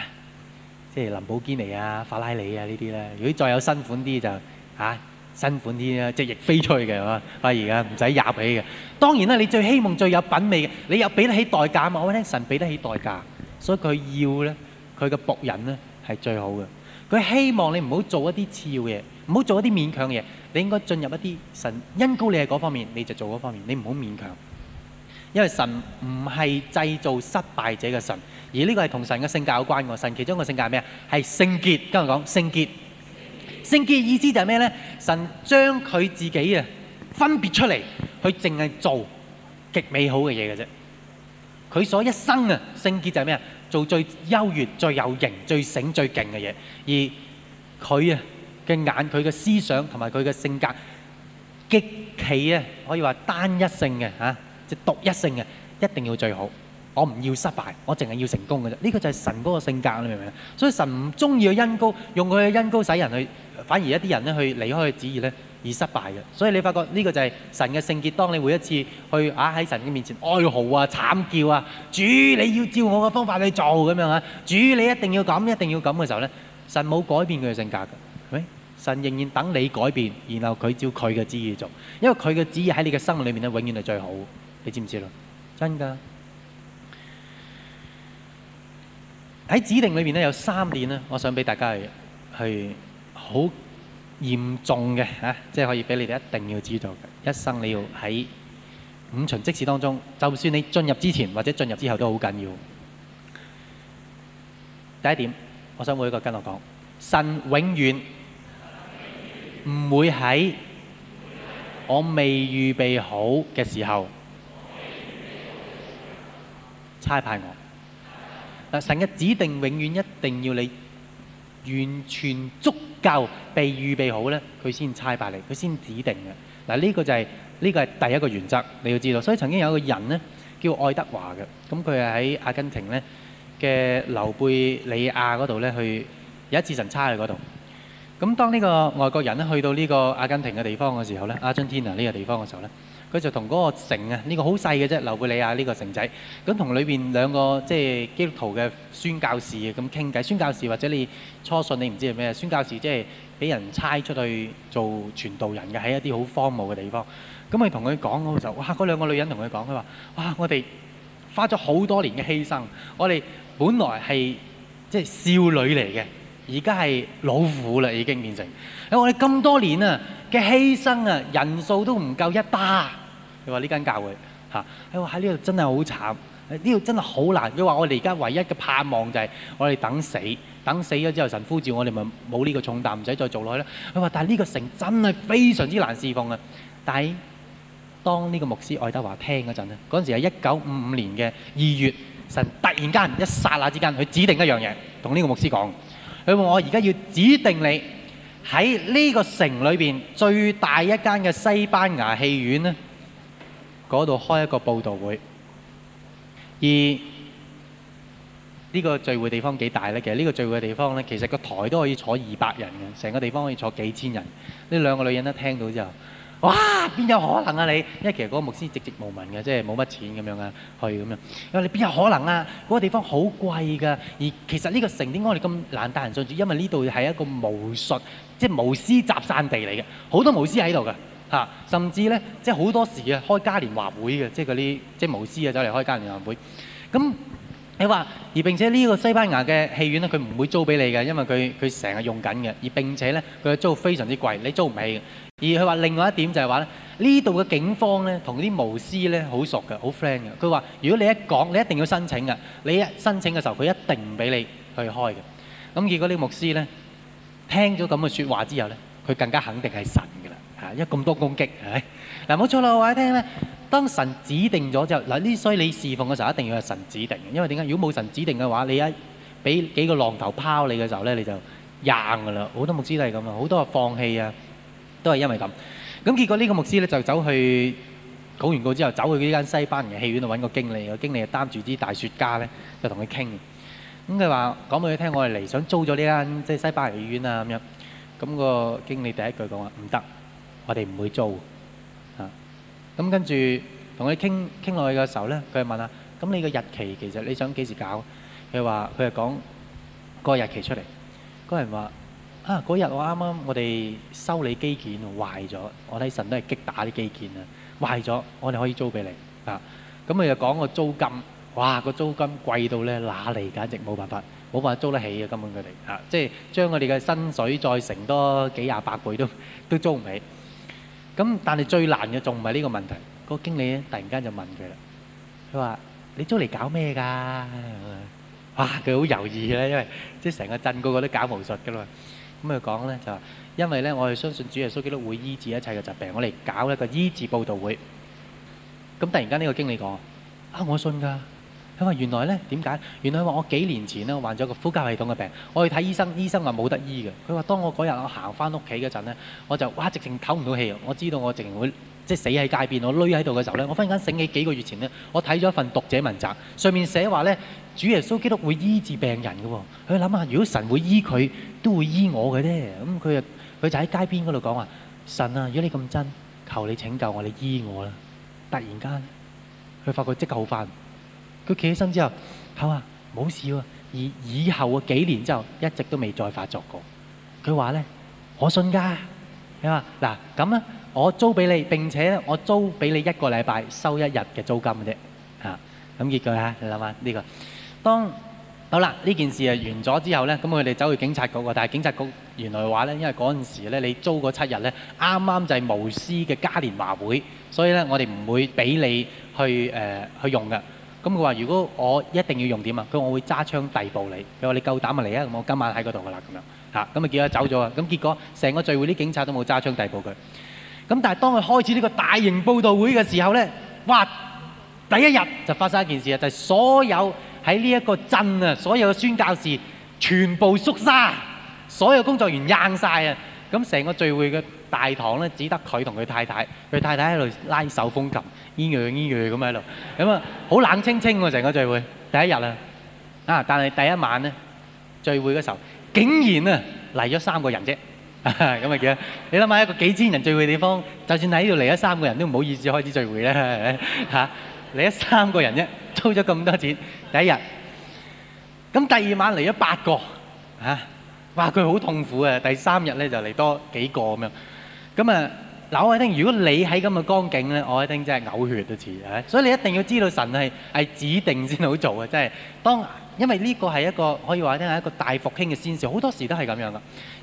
即係林寶堅尼啊、法拉利啊呢啲啦。如果再有新款啲就吓。啊辛苦啲啦，即翼飛出去嘅，係嘛？啊，而家唔使廿幾嘅。當然啦，你最希望最有品味嘅，你又俾得起代價嘛？我聽神俾得起代價，所以佢要咧，佢嘅僕人咧係最好嘅。佢希望你唔好做一啲次要嘢，唔好做一啲勉強嘢。你應該進入一啲神恩膏你係嗰方面，你就做嗰方面。你唔好勉強，因為神唔係製造失敗者嘅神，而呢個係同神嘅性格有關嘅神。其中個性格係咩啊？係聖潔，今日講聖潔。聖潔嘅意思就係咩呢？神將佢自己啊，分別出嚟，佢淨係做極美好嘅嘢嘅啫。佢所一生啊，聖潔就係咩啊？做最優越、最有型、最醒、最勁嘅嘢。而佢啊嘅眼、佢嘅思想同埋佢嘅性格，極其啊，可以話單一性嘅吓，即係獨一性嘅，一定要最好。我唔要失敗，我淨係要成功嘅啫。呢個就係神嗰個性格，你明唔明啊？所以神唔中意個恩膏，用佢嘅恩膏使人去。反而一啲人咧去離開嘅旨意咧而失敗嘅，所以你發覺呢個就係神嘅聖潔。當你每一次去啊喺神嘅面前哀號啊、慘叫啊，主你要照我嘅方法去做咁樣啊，主你一定要咁、一定要咁嘅時候咧，神冇改變佢嘅性格嘅。係咪？神仍然等你改變，然後佢照佢嘅旨意做，因為佢嘅旨意喺你嘅生命裏面啊，永遠係最好。你知唔知咯？真㗎。喺指定裏面咧有三點咧，我想俾大家去去。好嚴重嘅嚇，即係可以俾你哋一定要知道嘅，一生你要喺五旬職事當中，就算你進入之前或者進入之後都好緊要。第一點，我想每一個跟我講，神永遠唔會喺我未預備好嘅時候差派我。嗱，神嘅指定永遠一定要你完全足。教被預備好呢，佢先差派嚟，佢先指定嘅。嗱，呢個就係呢個係第一個原則，你要知道。所以曾經有個人呢，叫愛德華嘅，咁佢係喺阿根廷呢嘅留貝裏亞嗰度呢，去有一次神差去嗰度。咁當呢個外國人咧去到呢個阿根廷嘅地方嘅時候呢，Argentina 啊，呢個地方嘅時候呢。佢就同嗰個城啊，呢個好細嘅啫，留貝利亞呢個城仔，咁同裏邊兩個即係基督徒嘅宣教士咁傾偈，宣教士或者你初信你唔知係咩，宣教士即係俾人差出去做傳道人嘅，喺一啲好荒謬嘅地方，咁佢同佢講嗰個時候，哇！嗰兩個女人同佢講，佢話：哇！我哋花咗好多年嘅犧牲，我哋本來係即係少女嚟嘅，而家係老虎啦已經變成，我哋咁多年啊嘅犧牲啊，人數都唔夠一打。佢話呢間教會嚇，佢話喺呢度真係好慘，呢度真係好難。佢話我哋而家唯一嘅盼望就係我哋等死，等死咗之後，神呼召我哋咪冇呢個重擔，唔使再做落去啦。佢話，但係呢個城真係非常之難侍奉啊！但係當呢個牧師愛德華聽嗰陣咧，嗰陣時係一九五五年嘅二月，神突然間一剎那之間，佢指定一樣嘢同呢個牧師講。佢話：我而家要指定你喺呢個城裏邊最大一間嘅西班牙戲院咧。嗰度開一個佈道會，而呢個聚會的地方幾大呢？其實呢個聚會的地方呢，其實個台都可以坐二百人嘅，成個地方可以坐幾千人。呢兩個女人一聽到之後，哇！邊有可能啊你？因為其實嗰個牧師寂寂無聞嘅，即係冇乜錢咁樣啊，去咁樣。你話你邊有可能啊？嗰個地方好貴㗎，而其實呢個城點解我哋咁難帶人信主？因為呢度係一個巫術，即係巫師集散地嚟嘅，好多巫師喺度㗎。啊，甚至咧，即係好多時嘅開嘉年華會嘅，即係嗰啲即係巫師啊走嚟開嘉年華會。咁你話，而並且呢個西班牙嘅戲院咧，佢唔會租俾你嘅，因為佢佢成日用緊嘅，而並且咧佢嘅租非常之貴，你租唔起嘅。而佢話另外一點就係話咧，呢度嘅警方咧同啲巫師咧好熟嘅，好 friend 嘅。佢話如果你一講，你一定要申請嘅，你一申請嘅時候佢一定唔俾你去開嘅。咁結果呢牧師咧聽咗咁嘅説話之後咧，佢更加肯定係神。啊！因為咁多攻擊，係，嗱，冇錯啦。我話你聽咧，當神指定咗之後，嗱呢，所以你侍奉嘅時候一定要係神指定嘅，因為點解？如果冇神指定嘅話，你一俾幾個浪頭拋你嘅時候咧，你就硬㗎啦。好多牧師都係咁啊，好多啊放棄啊，都係因為咁。咁結果呢個牧師咧就走去講完告之後，走去嗰間西班牙嘅戲院度揾個經理。個經理係擔住啲大雪茄咧，就同佢傾。咁佢話講俾佢聽，我係嚟想租咗呢間即係西班牙戲院啊，咁樣，咁個經理第一句講話唔得。我哋唔會租，啊！咁跟住同佢傾傾落去嘅時候呢，佢就問喇：咁你個日期其實你想幾時搞？佢話：佢就講個日期出嚟。嗰人話：啊，嗰日我啱啱我哋修理機件壞咗，我睇神都係擊打啲機件啊，壞咗，我哋可以租俾你啊！咁佢就講個租金，哇！個租金貴到呢，哪嚟？簡直冇辦法，冇辦法租得起呀，根本佢哋啊！即係將我哋嘅薪水再乘多幾廿百倍都都租唔起。咁但係最難嘅仲唔係呢個問題。個經理咧突然間就問佢啦，佢話：你嚟搞咩㗎？哇！佢好猶豫啦，因為即係成個鎮個個都搞巫術㗎嘛。咁佢講咧就話：因為咧我係相信主耶穌基督會醫治一切嘅疾病，我嚟搞一個醫治佈道會。咁突然間呢個經理講：啊，我信㗎！佢話：原來呢點解？原來佢話我幾年前呢患咗個呼吸系統嘅病，我去睇醫生，醫生話冇得醫嘅。佢話：當我嗰日我行返屋企嗰陣，我就哇，直情唞唔到氣，我知道我直情會即死喺街邊，我累喺度嘅時候，我忽然間醒起幾個月前我睇咗一份讀者文摘，上面寫話咧，主耶穌基督會醫治病人嘅。佢諗下，如果神會醫佢，都會醫我嘅啫，咁佢就喺街邊嗰度講話：神啊，如果你咁真，求你拯救我，你醫我啦！突然間佢發覺即刻好翻。佢企起身之後，佢話冇事喎。而以後嘅幾年之後，一直都未再發作過。佢話咧：我信㗎，你話嗱咁啊，我租俾你，並且我租俾你一個禮拜收一日嘅租金嘅啫嚇。咁結局啊，你諗下呢個當好啦？呢件事啊完咗之後咧，咁佢哋走去警察局嘅。但係警察局原來話咧，因為嗰陣時咧你租嗰七日咧啱啱就係無私嘅嘉年華會，所以咧我哋唔會俾你去誒去用嘅。咁佢話：如果我一定要用點啊？佢話：我會揸槍逮捕你。佢話：你夠膽啊嚟啊！我今晚喺嗰度噶啦，咁樣嚇。咁啊叫佢走咗啊。咁結果成個聚會啲警察都冇揸槍逮捕佢。咁但係當佢開始呢個大型報道會嘅時候咧，哇！第一日就發生一件事啊，就係所有喺呢一個鎮啊，所有嘅宣教士全部縮沙，所有工作員硬曬啊。咁成個聚會嘅。大堂咧，只得佢同佢太太，佢太太喺度拉手風琴，咿嘰咿嘰咁喺度，咁啊好冷清清喎成個聚會。第一日啊，啊但係第一晚咧聚會嗰時候，竟然啊嚟咗三個人啫，咁啊幾，你諗下一個幾千人聚會地方，就算喺度嚟咗三個人，都唔好意思開始聚會咧嚇，嚟咗三個人啫，租咗咁多錢，第一日，咁第二晚嚟咗八個嚇，哇，佢好痛苦啊，第三日咧就嚟多幾個咁樣。咁啊，嗱我一聽如果你喺咁嘅光景咧，我一定真係嘔血都似。所以你一定要知道神係指定先好做嘅，即係當，因為呢個係一個可以話咧係一個大復興嘅先兆，好多時都係咁樣嘅。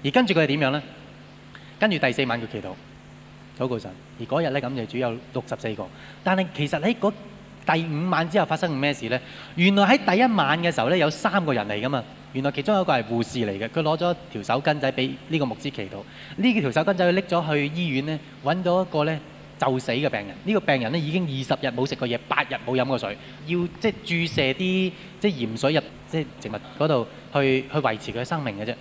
而跟住佢係點樣咧？跟住第四晚佢祈禱，禱告神。而嗰日咧咁就只有六十四個。但係其實喺嗰第五晚之後發生咩事咧？原來喺第一晚嘅時候咧，有三個人嚟噶嘛。原來其中一個係護士嚟嘅，佢攞咗條手巾仔俾呢個牧師祈禱。呢幾條手巾仔佢拎咗去醫院呢，揾到一個呢就死嘅病人。呢、這個病人呢已經二十日冇食過嘢，八日冇飲過水，要即係、就是、注射啲即係鹽水入即係植物嗰度去去維持佢嘅生命嘅啫。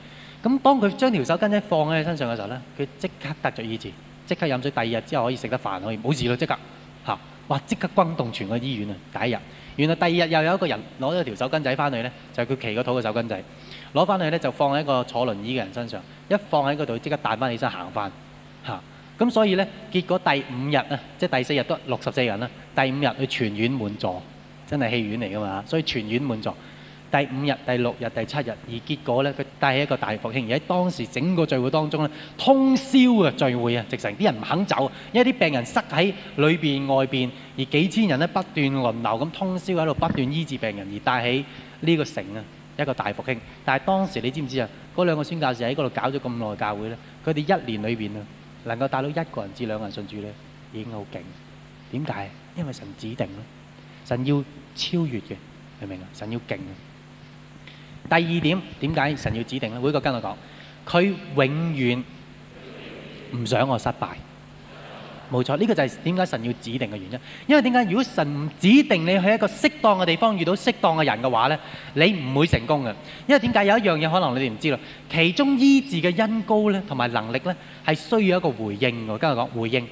咁當佢將條手巾仔放喺佢身上嘅時候呢，佢即刻得著意念，即刻飲水。第二日之後可以食得飯，可以冇事咯，即刻嚇！哇！即刻轟動全個醫院啊！第一日。原來第二日又有一個人攞咗條手巾仔返去呢，就係佢祈個禱嘅手巾仔，攞返去呢就放喺個坐輪椅嘅人身上，一放喺嗰度即刻彈返起身行返。咁、啊、所以呢，結果第五日啊，即第四日都六十四人，第五日佢全院滿座，真係戲院嚟㗎嘛，所以全院滿座。第五日、第六日、第七日，而結果呢，佢帶起一個大復興。而喺當時整個聚會當中呢，通宵嘅聚會啊，直成啲人唔肯走，因為啲病人塞喺裏邊、外邊，而幾千人呢不斷輪流咁通宵喺度不斷醫治病人，而帶起呢個城啊一個大復興。但係當時你知唔知啊？嗰兩個宣教士喺嗰度搞咗咁耐教會呢，佢哋一年裏邊啊，能夠帶到一個人至兩個人信主呢，已經好勁。點解？因為神指定呢，神要超越嘅，明唔明啊？神要勁。第二點，點解神要指定咧？每個跟我講，佢永遠唔想我失敗，冇錯。呢個就係點解神要指定嘅原因。因為點解？如果神唔指定你去一個適當嘅地方遇到適當嘅人嘅話咧，你唔會成功嘅。因為點解？有一樣嘢可能你哋唔知啦。其中醫治嘅恩膏咧，同埋能力咧，係需要一個回應我。跟我講回應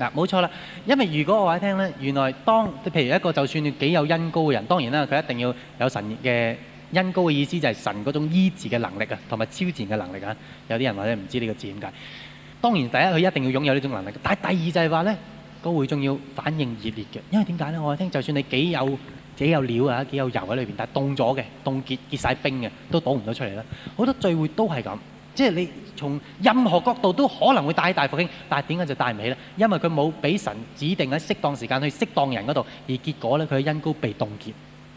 嗱，冇錯啦。因為如果我話你聽咧，原來當譬如一個就算你幾有恩膏嘅人，當然啦，佢一定要有神嘅。恩膏嘅意思就係神嗰種醫治嘅能力啊，同埋超自然嘅能力啊。有啲人或者唔知呢個字點解。當然第一佢一定要擁有呢種能力，但係第二就係話呢，嗰會仲要反應熱烈嘅。因為點解呢？我聽就算你幾有幾有料啊，幾有油喺裏邊，但係凍咗嘅，凍結結晒冰嘅，都倒唔到出嚟啦。好多聚會都係咁，即係你從任何角度都可能會帶起大復興，但係點解就帶唔起呢？因為佢冇俾神指定喺適當時間去適當人嗰度，而結果呢，佢嘅恩膏被凍結。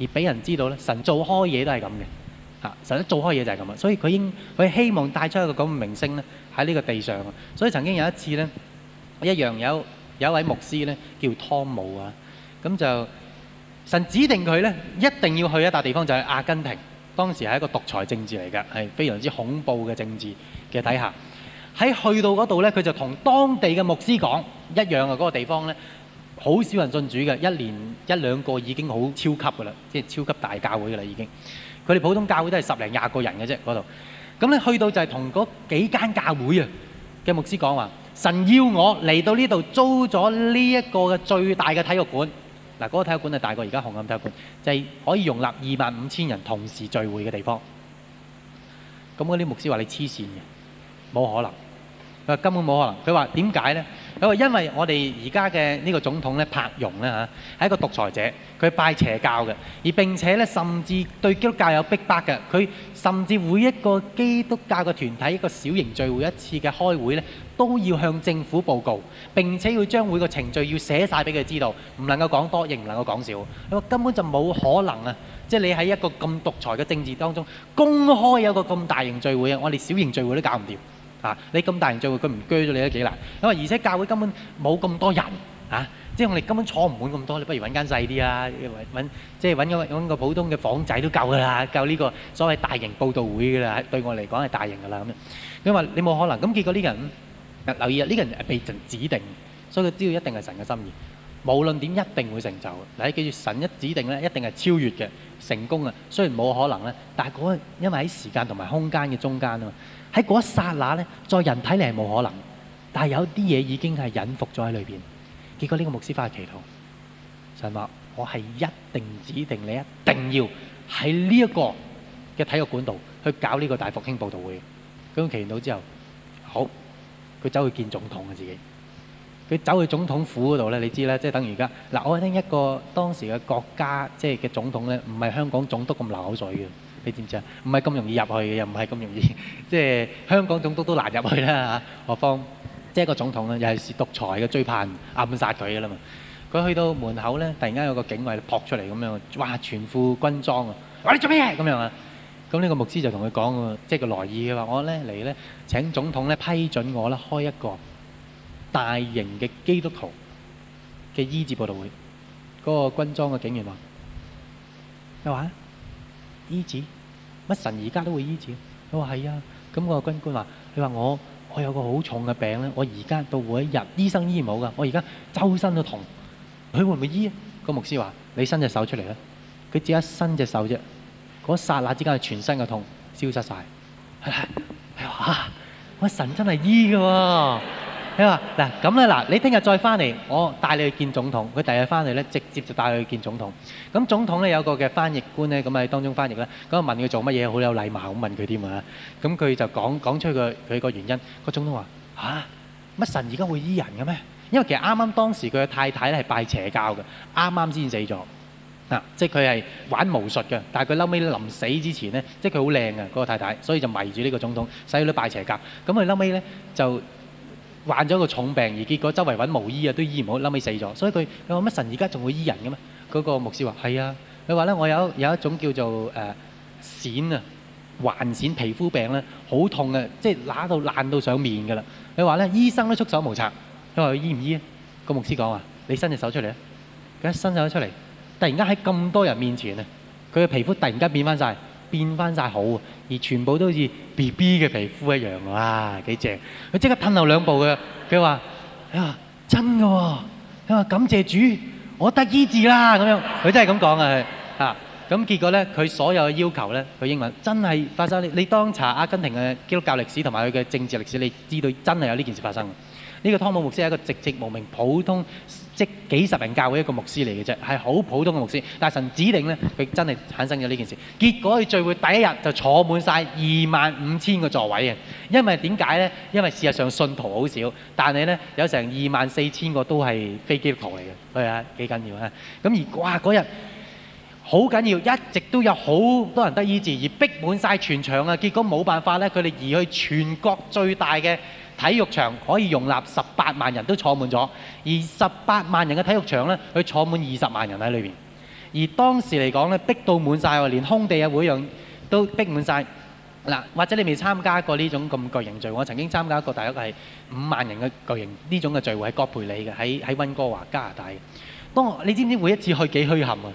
而俾人知道咧，神做開嘢都係咁嘅，嚇！神做開嘢就係咁啊，所以佢應佢希望帶出一個咁嘅明星咧喺呢個地上啊。所以曾經有一次咧，一樣有有一位牧師咧叫湯姆啊，咁就神指定佢咧一定要去一笪地方，就係阿根廷。當時係一個獨裁政治嚟嘅，係非常之恐怖嘅政治嘅底下。喺去到嗰度咧，佢就同當地嘅牧師講一樣嘅嗰個地方咧。好少人信主嘅，一年一兩個已經好超級噶啦，即係超級大教會噶啦已經。佢哋普通教會都係十零廿個人嘅啫嗰度。咁咧去到就係同嗰幾間教會啊嘅牧師講話，神要我嚟到呢度租咗呢一個嘅最大嘅體育館。嗱，嗰個體育館係大過而家紅磡體育館，就係可以容納二萬五千人同時聚會嘅地方。咁嗰啲牧師話你黐線嘅，冇可能。佢話根本冇可能。佢話點解呢？因為我哋而家嘅呢個總統咧，柏容咧嚇，係一個獨裁者，佢拜邪教嘅，而並且咧甚至對基督教有逼迫嘅，佢甚至每一個基督教嘅團體一個小型聚會一次嘅開會咧，都要向政府報告，並且要將每個程序要寫晒俾佢知道，唔能夠講多，亦唔能夠講少。佢話根本就冇可能啊！即係你喺一個咁獨裁嘅政治當中，公開有一個咁大型聚會啊，我哋小型聚會都搞唔掂。啊！你咁大型聚會，佢唔拒咗你都幾難。咁啊，而且教會根本冇咁多人啊，即係我哋根本坐唔滿咁多，你不如揾間細啲啊，揾即係揾個揾個普通嘅房仔都夠噶啦，夠呢個所謂大型佈道會噶啦，對我嚟講係大型噶啦咁。咁啊，你冇可能。咁結果呢個人留意啊，呢個人係被神指定，所以佢知道一定係神嘅心意。無論點，一定會成就。嗱，記住，神一指定咧，一定係超越嘅成功啊。雖然冇可能咧，但係嗰因為喺時間同埋空間嘅中間啊。喺嗰一剎那咧，在人睇嚟係冇可能，但係有啲嘢，已經係隱伏咗喺裏邊。結果呢個牧師發嘅祈禱，神話，我係一定指定你一定要喺呢一個嘅體育館度去搞呢個大復興佈道會。咁祈完禱之後，好，佢走去見總統啊自己，佢走去總統府嗰度咧，你知啦，即係等於而家嗱，我聽一個當時嘅國家即係嘅總統咧，唔係香港總督咁流口水嘅。你點知啊？唔係咁容易入去嘅，又唔係咁容易。即係香港總督都難入去啦嚇，何況即係個總統咧，尤其是獨裁嘅追判暗殺佢嘅啦嘛。佢去到門口咧，突然間有個警衛撲出嚟咁樣，哇！全副軍裝啊！喂，你做咩嘢？咁樣啊？咁呢個牧師就同佢講，即係個來意，佢話我咧嚟咧請總統咧批准我咧開一個大型嘅基督徒嘅醫治佈道會。嗰個軍裝嘅警員話：咩話？醫治乜神而家都會醫治？佢話係啊，咁、個軍官話：，佢話我我有個好重嘅病咧，我而家到每一日醫生醫唔好噶，我而家周身都痛，佢會唔會醫啊？個牧師話：，你伸隻手出嚟啦！佢只一伸隻手啫，嗰、那個、剎那之間，全身嘅痛消失晒。佢話：，吓，我神真係醫噶、啊。嗱咁咧，嗱你聽日再翻嚟，我帶你去見總統。佢第日翻嚟咧，直接就帶你去見總統。咁總統咧有個嘅翻譯官咧，咁喺當中翻譯啦。咁問佢做乜嘢？好有禮貌咁問佢添啊。咁佢就講講出個佢個原因。個總統話：嚇、啊、乜神而家會醫人嘅咩？因為其實啱啱當時佢嘅太太咧係拜邪教嘅，啱啱先死咗。嗱、啊，即係佢係玩巫術嘅，但係佢嬲尾臨死之前咧，即係佢好靚嘅嗰個太太，所以就迷住呢個總統，使佢都拜邪教。咁佢嬲尾咧就。患咗個重病，而結果周圍揾毛醫啊，都醫唔好，諗起死咗。所以佢佢話乜神而家仲會醫人嘅咩？嗰、那個牧師話係啊。佢話咧，我有有一種叫做誒、呃、癬啊，患癬皮膚病咧，好痛啊，即係乸到爛到上面㗎啦。佢話咧，醫生都束手無策。佢話佢醫唔醫啊？個牧師講話，你伸隻手出嚟啊！佢一伸手出嚟，突然間喺咁多人面前啊，佢嘅皮膚突然間變翻晒。變翻晒好，而全部都好似 BB 嘅皮膚一樣，哇幾正！佢即刻褪後兩步嘅，佢話：呀，真㗎喎、哦！佢話感謝主，我得醫治啦咁樣。佢真係咁講啊！嚇，咁結果呢，佢所有嘅要求呢，佢英文真係發生。你當查阿根廷嘅基督教歷史同埋佢嘅政治歷史，你知道真係有呢件事發生。呢、這個湯姆牧師係一個籍籍無名普通。即幾十人教會一個牧師嚟嘅啫，係好普通嘅牧師。但神指定咧，佢真係產生咗呢件事。結果佢聚會第一日就坐滿晒二萬五千個座位嘅，因為點解呢？因為事實上信徒好少，但係呢，有成二萬四千個都係非基督徒嚟嘅。係啊，幾緊要啊！咁而哇嗰日好緊要，一直都有好多人得醫治，而逼滿晒全場啊！結果冇辦法咧，佢哋移去全國最大嘅。體育場可以容納十八萬人都坐滿咗，而十八萬人嘅體育場呢，佢坐滿二十萬人喺裏面。而當時嚟講呢，逼到滿晒喎，連空地嘅會場都逼滿晒。嗱，或者你未參加過呢種咁巨型聚會，我曾經參加過，大概係五萬人嘅巨型呢種嘅聚會喺葛培理嘅，喺喺溫哥華加拿大嘅。當你知唔知每一次去幾墟冚啊？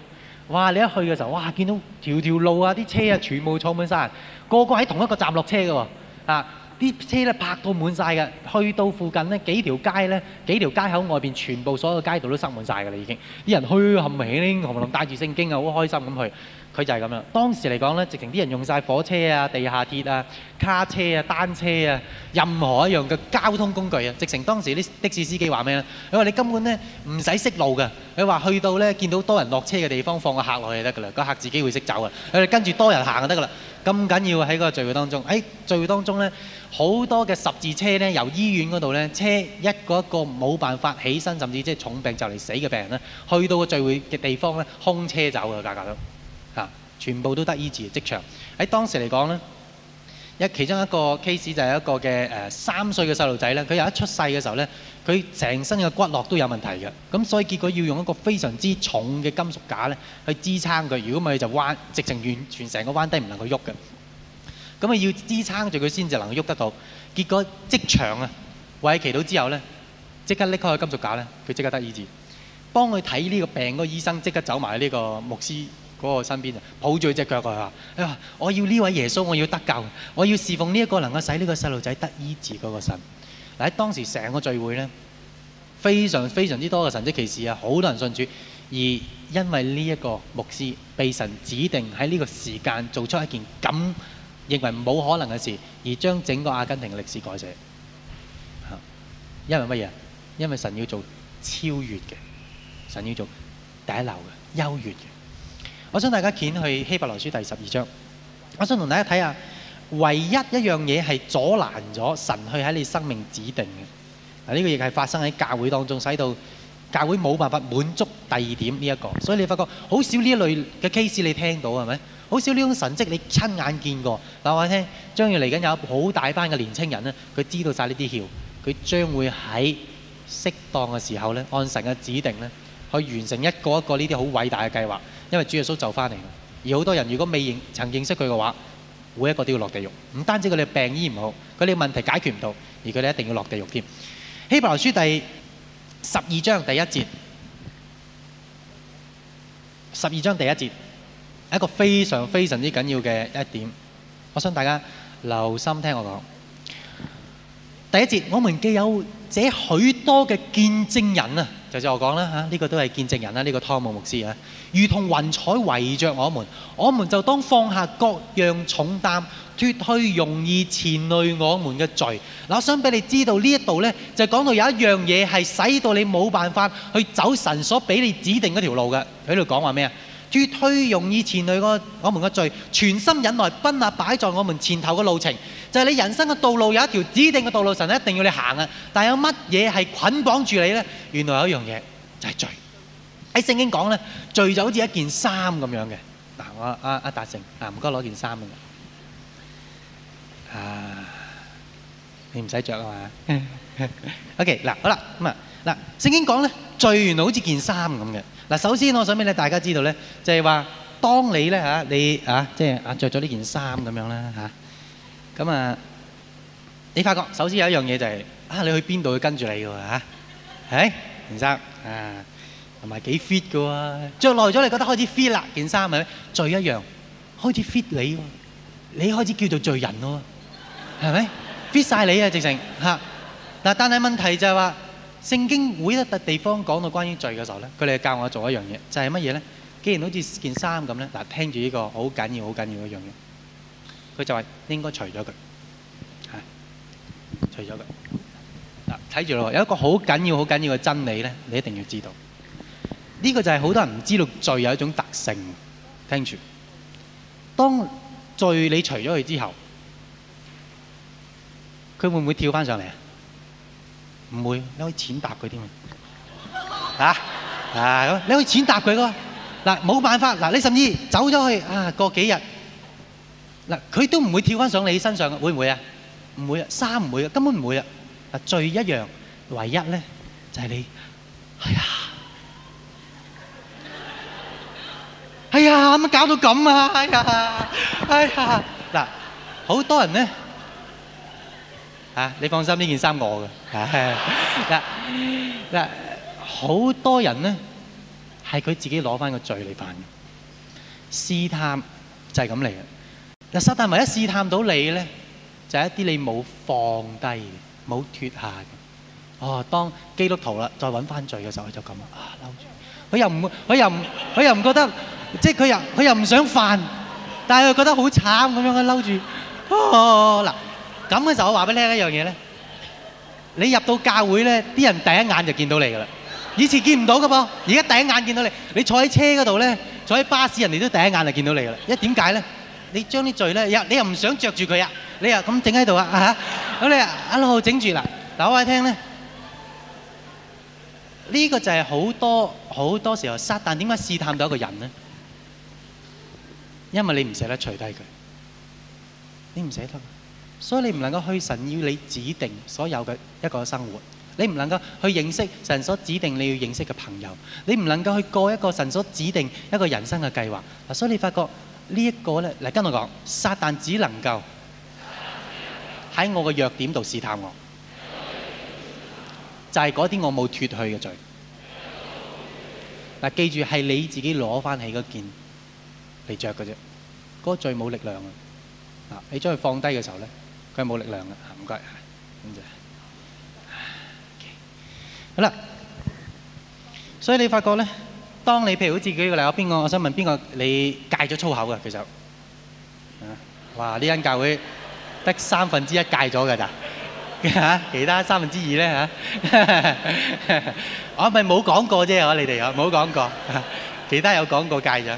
哇！你一去嘅時候，哇，見到條條路啊，啲車啊，全部坐滿晒，個個喺同一個站落車嘅喎啊！啲車呢，泊到滿晒㗎，去到附近呢幾條街呢幾條街口外邊，全部所有街道都塞滿晒㗎啦，已經啲人墟冚起咧，同唔同帶住聖經啊，好開心咁去，佢就係咁樣。當時嚟講呢，直情啲人用晒火車啊、地下鐵啊、卡車啊、單車啊，任何一樣嘅交通工具啊，直情當時啲的士司機話咩呢？佢話你根本呢唔使識路嘅，佢話去到呢見到多人落車嘅地方放個客落去就得噶啦，個客自己會識走啊，佢哋跟住多人行就得噶啦。咁緊要喺嗰個聚會當中，喺聚會當中呢，好多嘅十字車呢，由醫院嗰度呢，車一個一個冇辦法起身，甚至即係重病就嚟死嘅病人呢，去到個聚會嘅地方呢，空車走嘅價格都，全部都得醫治即場。喺當時嚟講呢，一其中一個 case 就係一個嘅誒三歲嘅細路仔呢，佢由一出世嘅時候呢。佢成身嘅骨骼都有問題嘅，咁所以結果要用一個非常之重嘅金屬架咧去支撐佢。如果唔係就彎，直情完全成個彎低唔能夠喐嘅。咁啊要支撐住佢先至能夠喐得到。結果即場啊，喺祈禱之後咧，即刻拎開個金屬架咧，佢即刻得醫治。幫佢睇呢個病嗰個醫生即刻走埋呢個牧師嗰個身邊啊，抱住隻腳佢話：哎呀，我要呢位耶穌，我要得救，我要侍奉呢一個能夠使呢個細路仔得醫治嗰個神。喺當時成個聚會呢，非常非常之多嘅神跡奇事啊，好多人信主，而因為呢一個牧師被神指定喺呢個時間做出一件咁認為冇可能嘅事，而將整個阿根廷嘅歷史改寫。因為乜嘢？因為神要做超越嘅，神要做第一流嘅優越嘅。我想大家掀去希伯來書第十二章，我想同大家睇下。唯一一樣嘢係阻攔咗神去喺你生命指定嘅嗱，呢、這個亦係發生喺教會當中，使到教會冇辦法滿足第二點呢、這、一個。所以你發覺好少呢一類嘅 case 你聽到係咪？好少呢種神跡你親眼見過。但我聽將要嚟緊有好大班嘅年青人呢，佢知道晒呢啲竅，佢將會喺適當嘅時候呢，按神嘅指定呢，去完成一個一個呢啲好偉大嘅計劃。因為主耶穌就翻嚟啦，而好多人如果未認曾認識佢嘅話，每一個都要落地獄，唔單止佢哋病醫唔好，佢哋問題解決唔到，而佢哋一定要落地獄添。希伯來書第十二章第一節，十二章第一節係一個非常非常之緊要嘅一點，我想大家留心聽我講。第一節，我們既有這許多嘅見證人啊！就似我講啦，呢個都係見證人啦，呢個湯姆牧師啊，如同雲彩圍着我們，我們就當放下各樣重擔，脫去容易纏累我們嘅罪。嗱，我想俾你知道呢一度呢就講到有一樣嘢係使到你冇辦法去走神所俾你指定嗰條路嘅。喺度講話咩啊？推推容易前去個我們嘅罪，全心忍耐，奔那擺在我們前頭嘅路程，就係你人生嘅道路有一條指定嘅道路，神咧一定要你行啊！但係有乜嘢係捆綁住你咧？原來有一樣嘢就係罪。喺聖經講咧，罪就好似一件衫咁樣嘅。嗱，我阿阿達成，嗱，唔該攞件衫嚟。啊，你唔使著啊嘛。OK，嗱，好啦，咁啊，嗱，聖經講咧，罪原來好似一件衫咁嘅。嗱，首先我想俾咧大家知道咧，就係話，當你咧嚇你嚇，即係啊著咗呢件衫咁樣啦嚇，咁啊，你發覺首先有一樣嘢就係啊，你去邊度會跟住你嘅喎嚇，係，件衫啊，同埋幾 fit 嘅喎。著耐咗你覺得開始 fit 啦，件衫係咪？最一樣開始 fit 你，你開始叫做罪人咯，係咪 fit 曬你啊？直情嚇，嗱，但係問題就係話。聖經每一笪地方講到關於罪嘅時候呢，佢哋教我做一樣嘢，就係乜嘢呢？既然好似件衫咁咧，聽住呢個好緊要、好緊要嗰樣嘢，佢就話應該除咗佢，除咗佢。睇住咯，有一個好緊要、好緊要嘅真理呢，你一定要知道。呢個就係好多人唔知道罪有一種特性。聽住，當罪你除咗佢之後，佢會唔會跳返上嚟？唔會，你可以踐踏佢啲嘛？嚇，係咯，你可以踐踏佢咯。嗱，冇辦法，嗱，你甚至走咗去啊，過幾日，嗱，佢都唔會跳翻上你身上嘅，會唔會啊？唔會啊，三唔會啊，根本唔會啊。嗱，最一樣唯一咧，就係你，哎呀，哎呀，乜搞到咁啊？哎呀，哎呀，嗱，好多人咧。嚇、啊！你放心，呢件衫我嘅。嗱、啊、嗱、啊啊，好多人咧係佢自己攞翻個罪嚟犯嘅，試探就係咁嚟嘅。嗱、啊，撒但唯一試探到你咧，就係、是、一啲你冇放低冇脫下嘅。哦、啊，當基督徒啦，再揾翻罪嘅時候，佢就咁啊，嬲住佢又唔佢又唔佢又唔覺得，即係佢又佢又唔想犯，但係佢覺得好慘咁樣佢嬲住。嗱。啊啊咁嘅時候，我話俾你聽一樣嘢咧，你入到教會咧，啲人第一眼就見到你噶啦。以前見唔到噶噃，而家第一眼見到你。你坐喺車嗰度咧，坐喺巴士，人哋都第一眼就見到你噶啦。因為點解咧？你將啲罪咧，又你又唔想著住佢啊？你又咁整喺度啊？啊嚇！咁你啊，一路整住啦。嗱，我話你聽咧，呢個就係好多好多時候撒但，點解試探到一個人咧？因為你唔捨得除低佢，你唔捨得。所以你不能夠去神要你指定所有的一個生活，你不能夠去認識神所指定你要認識的朋友，你不能夠去過一個神所指定一個人生的計劃，所以你發覺，這個，來，跟我講，撒旦只能夠在我的弱點度試探我，就是那些我沒有脫去的罪，記住，是你自己攞起那件，來着的，那個罪沒有力量，你將佢放低的時候，佢冇力量㗎，唔該。好啦，所以你發覺咧，當你譬如好似舉個例，我邊個？我想問邊個？你戒咗粗口㗎其實，哇！呢間教會得三分之一戒咗㗎咋嚇？其他三分之二咧嚇？我係咪冇講過啫，我你哋嚇冇講過，其他有講過戒咗。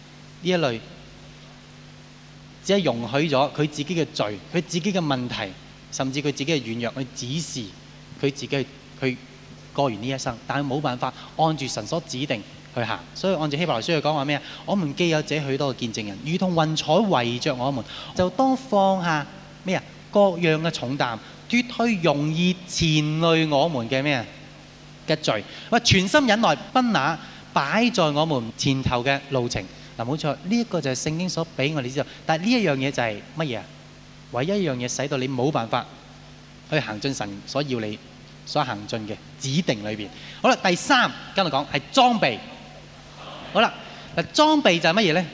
呢一類只係容許咗佢自己嘅罪，佢自己嘅問題，甚至佢自己嘅軟弱去指示佢自己去過完呢一生，但係冇辦法按住神所指定去行。所以按住希伯來書去講話咩？我們既有這許多嘅見證人，如同雲彩圍着我們就當放下咩？各樣嘅重擔，脫去容易纏累我們嘅咩？嘅罪，全心忍耐，奔那擺在我們前頭嘅路程。冇錯，呢一個就係聖經所俾我哋知道，但係呢一樣嘢就係乜嘢啊？唯一一樣嘢使到你冇辦法去行進神所要你所行進嘅指定裏邊。好啦，第三，跟我講係裝備。好啦，嗱，裝備就係乜嘢咧？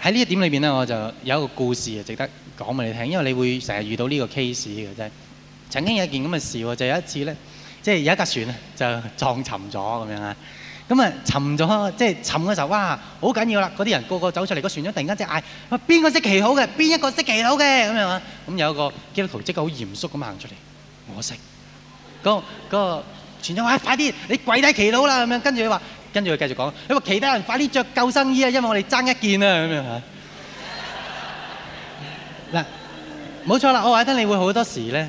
喺呢一點裏邊咧，我就有一個故事啊，值得講俾你聽，因為你會成日遇到呢個 case 嘅啫。曾經有一件咁嘅事喎，就有一次咧，即係有一架船咧就撞沉咗咁樣啊。咁啊，沉咗，即係沉嘅時候，哇，好緊要啦！嗰啲人個個走出嚟，個船長突然間即嗌：，邊個識祈禱嘅？邊一個識祈禱嘅？咁樣啊？咁有一個基督徒即刻好嚴肅咁行出嚟，我識。嗰嗰個船長話：，快啲，你跪低祈禱啦！咁樣，跟住佢話，跟住佢繼續講：，你話其他人快啲著救生衣啊，因為我哋爭一件啊！咁樣嚇。嗱，冇錯啦，我話得你會好多時咧。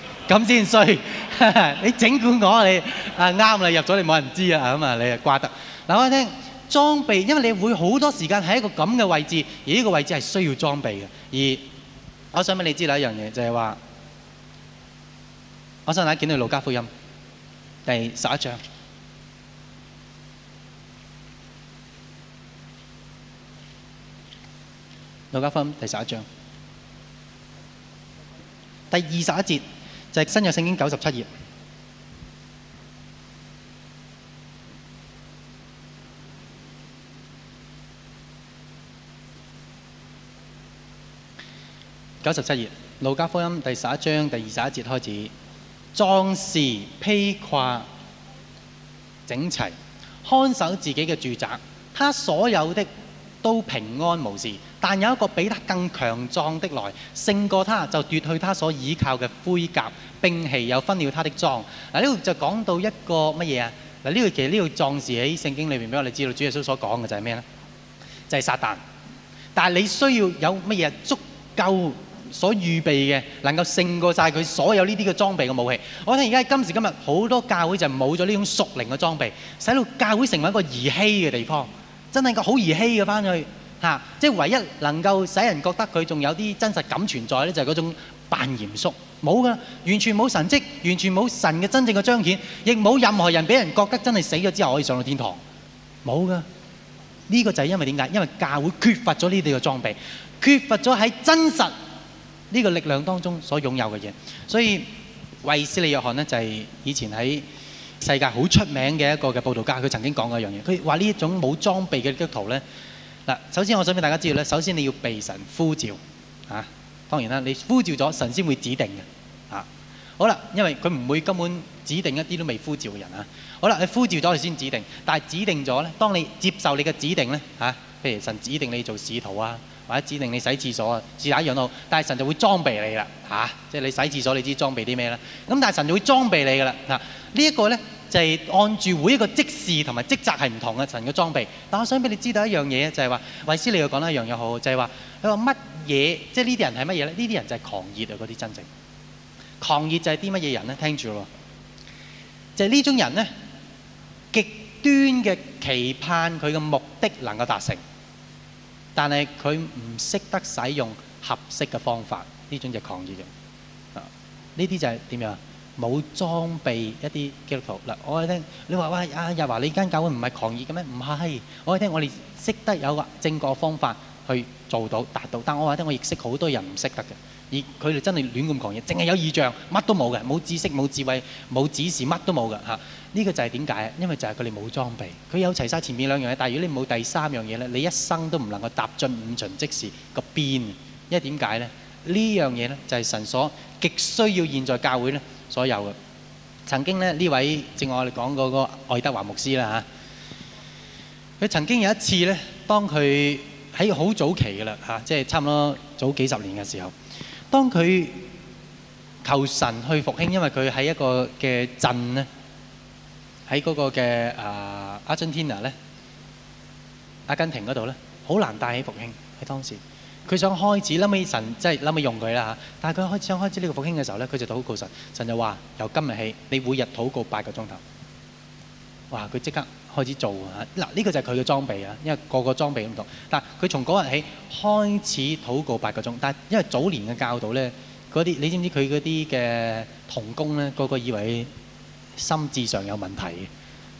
咁先衰，你整蠱我，你啊啱啦，入咗嚟冇人知啊，咁啊你啊瓜得。嗱我聽裝備，因為你會好多時間喺一個咁嘅位置，而呢個位置係需要裝備嘅。而我想俾你知啦一樣嘢，就係話，我想大家睇見去路加福音第十一章，路加福音第十一章第二十一節。就係、是、新約聖經九十七頁，九十七頁路加福音第十一章第二十一節開始，壯士披掛整齊，看守自己嘅住宅，他所有的都平安無事。但有一個比他更強壯的來，勝過他就奪去他所倚靠嘅盔甲、兵器，又分了他的裝。嗱呢度就講到一個乜嘢啊？嗱呢度其實呢度壯士喺聖經裏面俾我哋知道，主耶穌所講嘅就係咩呢？就係撒但。但係你需要有乜嘢足夠所預備嘅，能夠勝過曬佢所有呢啲嘅裝備嘅武器。我睇而家今時今日好多教會就冇咗呢種屬靈嘅裝備，使到教會成為一個兒戲嘅地方，真係個好兒戲嘅翻去。吓、啊！即係唯一能夠使人覺得佢仲有啲真實感存在呢就係、是、嗰種扮嚴肅，冇㗎，完全冇神跡，完全冇神嘅真正嘅彰顯，亦冇任何人畀人覺得真係死咗之後可以上到天堂，冇㗎。呢、這個就係因為點解？因為教會缺乏咗呢啲嘅裝備，缺乏咗喺真實呢個力量當中所擁有嘅嘢。所以，衛斯理約翰呢，就係、是、以前喺世界好出名嘅一個嘅佈道家，佢曾經講過一樣嘢，佢話呢一種冇裝備嘅基督徒嗱，首先我想俾大家知道咧，首先你要被神呼召，嚇、啊，當然啦，你呼召咗，神先會指定嘅，嚇、啊。好啦，因為佢唔會根本指定一啲都未呼召嘅人啊。好啦，你呼召咗，佢先指定，但係指定咗咧，當你接受你嘅指定咧，嚇、啊，譬如神指定你做使徒啊，或者指定你洗廁所啊，是但一樣都好，但係神就會裝備你啦，嚇、啊，即係你洗廁所，你知道裝備啲咩啦。咁但係神就會裝備你噶啦，嗱、啊，這個、呢一個咧。就係按住每一個職事同埋職責係唔同嘅神嘅裝備，但我想俾你知道一樣嘢，就係話，衛斯理又講得一樣嘢好，就係話，佢話乜嘢？即係呢啲人係乜嘢咧？呢啲人就係狂熱啊！嗰啲真正狂熱就係啲乜嘢人咧？聽住喎，就係呢種人咧，極端嘅期盼佢嘅目的能夠達成，但係佢唔識得使用合適嘅方法，呢種就係狂熱嘅。呢啲就係點樣？冇裝備一啲基督徒嗱，我話聽你話話啊，日華，你間教會唔係狂熱嘅咩？唔係我話聽，我哋識得有個正確方法去做到達到。但係我話聽，我亦識好多人唔識得嘅，而佢哋真係亂咁狂熱，淨係有異象，乜都冇嘅，冇知識、冇智慧、冇指示，乜都冇嘅嚇。呢個就係點解？因為就係佢哋冇裝備。佢有齊曬前面兩樣嘢，但係如果你冇第三樣嘢咧，你一生都唔能夠踏進五旬職事個邊。因為點解咧？呢樣嘢咧就係神所極需要現在教會咧。所有嘅曾經咧，呢位正我哋講嗰個愛德華牧師啦嚇，佢、啊、曾經有一次咧，當佢喺好早期嘅啦嚇，即係差唔多早幾十年嘅時候，當佢求神去復興，因為佢喺一個嘅鎮咧，喺嗰個嘅啊阿根廷啊咧，阿根廷嗰度咧，好難帶起復興喺當時。佢想開始，諗起神即係諗起用佢啦嚇。但係佢開始想開始呢個復興嘅時候咧，佢就禱告神，神就話：由今日起，你每日禱告八個鐘頭。哇！佢即刻開始做啊！嗱，呢個就係佢嘅裝備啊，因為個個裝備唔同。但係佢從嗰日起開始禱告八個鐘，但係因為早年嘅教導咧，啲你知唔知佢嗰啲嘅同工咧，個個以為心智上有問題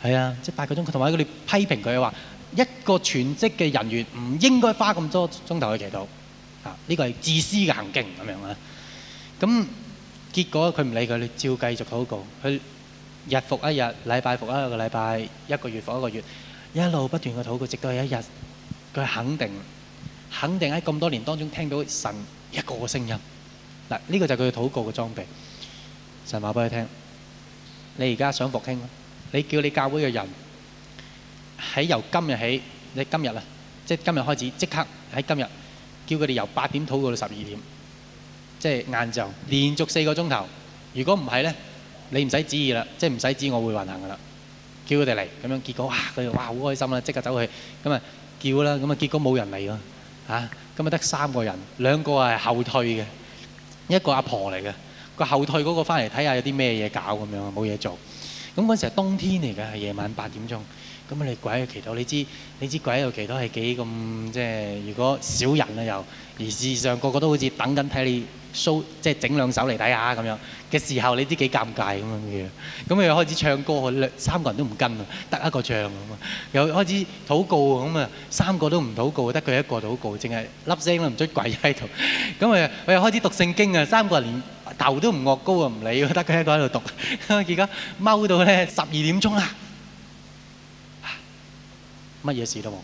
嘅，係啊，即係八個鐘，佢同埋佢哋批評佢話。一個全職嘅人員唔應該花咁多鐘頭去祈禱，啊、這、呢個係自私嘅行徑咁樣啊。咁結果佢唔理佢，你照繼續禱告，佢日復一日，禮拜復一個禮拜，一個月復一個月，一路不斷嘅禱告，直到有一日，佢肯定肯定喺咁多年當中聽到神一個聲音。嗱、這、呢個就係佢嘅禱告嘅裝備。神話俾佢聽，你而家想復興，你叫你教會嘅人。喺由今日起，你今日啊，即係今日開始，即刻喺今日叫佢哋由八點禱告到十二點，即係晏晝連續四個鐘頭。如果唔係咧，你唔使旨意啦，即係唔使知我會運行噶啦。叫佢哋嚟咁樣，結果哇佢哋哇好開心啦，即刻走去咁啊叫啦，咁啊結果冇人嚟喎嚇，咁啊得三個人，兩個係後退嘅，一個阿婆嚟嘅，個後退嗰個翻嚟睇下有啲咩嘢搞，咁樣冇嘢做。咁嗰陣時係冬天嚟嘅，係夜晚八點鐘。咁啊！你跪喺度祈禱，你知你知跪喺度祈禱係幾咁即係？如果少人啊又，而事實上個個都好似等緊睇你 show，即係整兩手嚟睇下咁樣嘅時候，你知幾尷尬咁樣嘅嘢。咁佢又開始唱歌，兩三個人都唔跟啊，得一個唱咁啊。又開始禱告啊，咁啊三個都唔禱告，得佢一個禱告，淨係粒聲都唔出，跪喺度。咁啊，佢又開始讀聖經啊，三個人連頭都唔惡高啊，唔理，得佢一個喺度讀。而家踎到咧十二點鐘啦～乜嘢事都冇，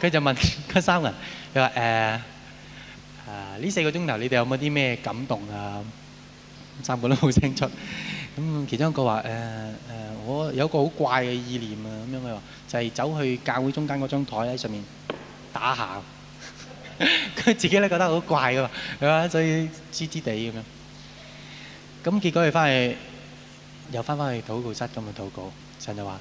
佢就問嗰三個人，佢話：誒，誒呢四個鐘頭你哋有冇啲咩感動啊？三個都冇聲出，咁其中一個話：誒誒，我有個好怪嘅意念啊，咁樣佢話，就係走去教會中間嗰張台喺上面打下，佢自己咧覺得好怪㗎嘛，係嘛，所以黐黐地咁樣。咁結果佢翻去又翻翻去禱告室咁去禱告，神就話。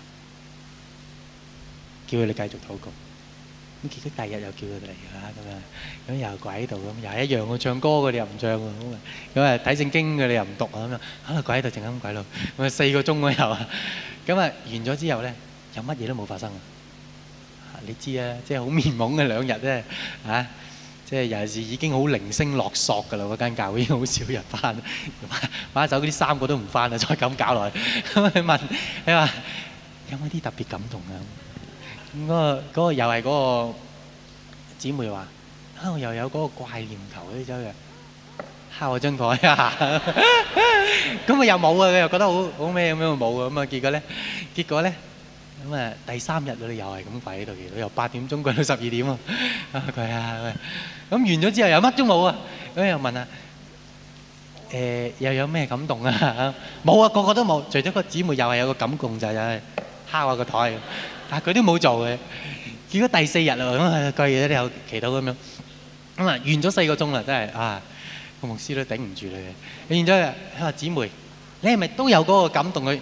叫佢哋繼續禱告，咁結果第二日又叫佢哋嚟啦咁啊，咁又鬼喺度咁，又係一樣嘅唱歌，佢哋又唔唱啊咁啊，咁啊睇聖經嘅你又唔讀啊咁樣，啊，鬼喺度靜音鬼路，咁啊四個鐘嗰又啊，咁啊完咗之後咧，有乜嘢都冇發生啊！你知啊，即係好面懵嘅兩日啫啊，即係有陣時已經好零星落索㗎啦。嗰間教會已經好少人返，玩走嗰啲三個都唔翻啦，再咁搞落去咁啊問你話有冇啲特別感動啊？咁嗰個嗰個又係嗰個姊妹話：啊，我又有嗰個怪念頭呢，走去敲我張台啊！咁啊又冇啊，佢又覺得好好咩咁樣冇啊咁啊，結果咧，結果咧，咁啊第三日佢哋又係咁跪喺度，佢由八點鐘跪到十二點喎，啊跪下咁啊！咁完咗之後又乜都冇啊，咁又問啊誒又有咩感動啊？冇啊，個個都冇，除咗個姊妹又係有個感動就係敲我個台。但佢都冇做嘅，結果第四日啦，咁啊，個嘢咧有祈禱咁樣，咁啊完咗四個鐘啦，真係啊，個牧師都頂唔住啦，完咗啊，佢話姊妹，你係咪都有嗰個感動去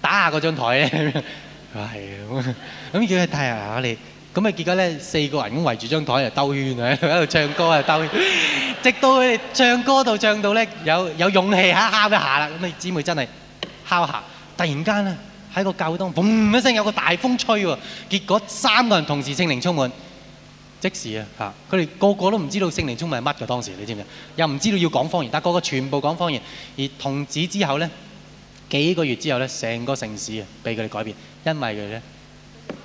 打下嗰張台咧？話係啊，咁叫佢睇下你，咁啊結果咧四個人咁圍住張台喺度兜圈啊，喺度唱歌啊兜圈，直到佢哋唱歌到唱到咧有有勇氣嚇敲一下啦，咁啊姊妹真係敲下，突然間咧。喺個教堂，嗡一聲有個大風吹喎。結果三個人同時聖時的靈充滿，即時啊嚇！佢哋個個都唔知道聖靈充滿係乜嘅當時，你知唔知啊？又唔知道要講方言，但係個個全部講方言。而同子之後咧，幾個月之後咧，成個城市啊，俾佢哋改變，因為佢咧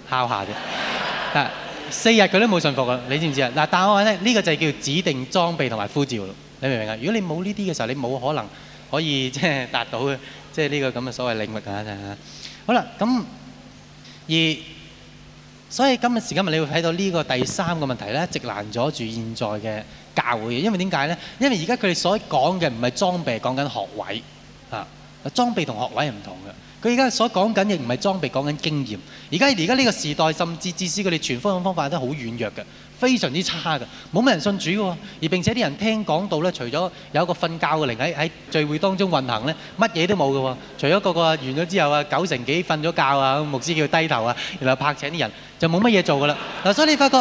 敲下啫。啊， 四日佢都冇信服㗎！你知唔知啊？嗱，但我話咧，呢、呢個就係叫指定裝備同埋呼召。你明唔明啊？如果你冇呢啲嘅時候，你冇可能可以即係、就是、達到嘅，即係呢個咁嘅所謂領域。啊～好啦，咁而所以今日時今日，你會睇到呢個第三個問題咧，直攔阻住現在嘅教會。因為點解咧？因為而家佢哋所講嘅唔係裝備，講緊學位啊。裝備同學位係唔同嘅。佢而家所講緊亦唔係裝備，講緊經驗。而家而家呢個時代，甚至致使佢哋全方向方法都好軟弱嘅。非常之差嘅，冇乜人信主喎。而並且啲人聽講到咧，除咗有一個瞓覺嘅靈喺喺聚會當中運行咧，乜嘢都冇嘅喎。除咗個個完咗之後啊，九成幾瞓咗覺啊，牧師叫佢低頭啊，然後拍請啲人，就冇乜嘢做嘅啦。嗱，所以你發覺，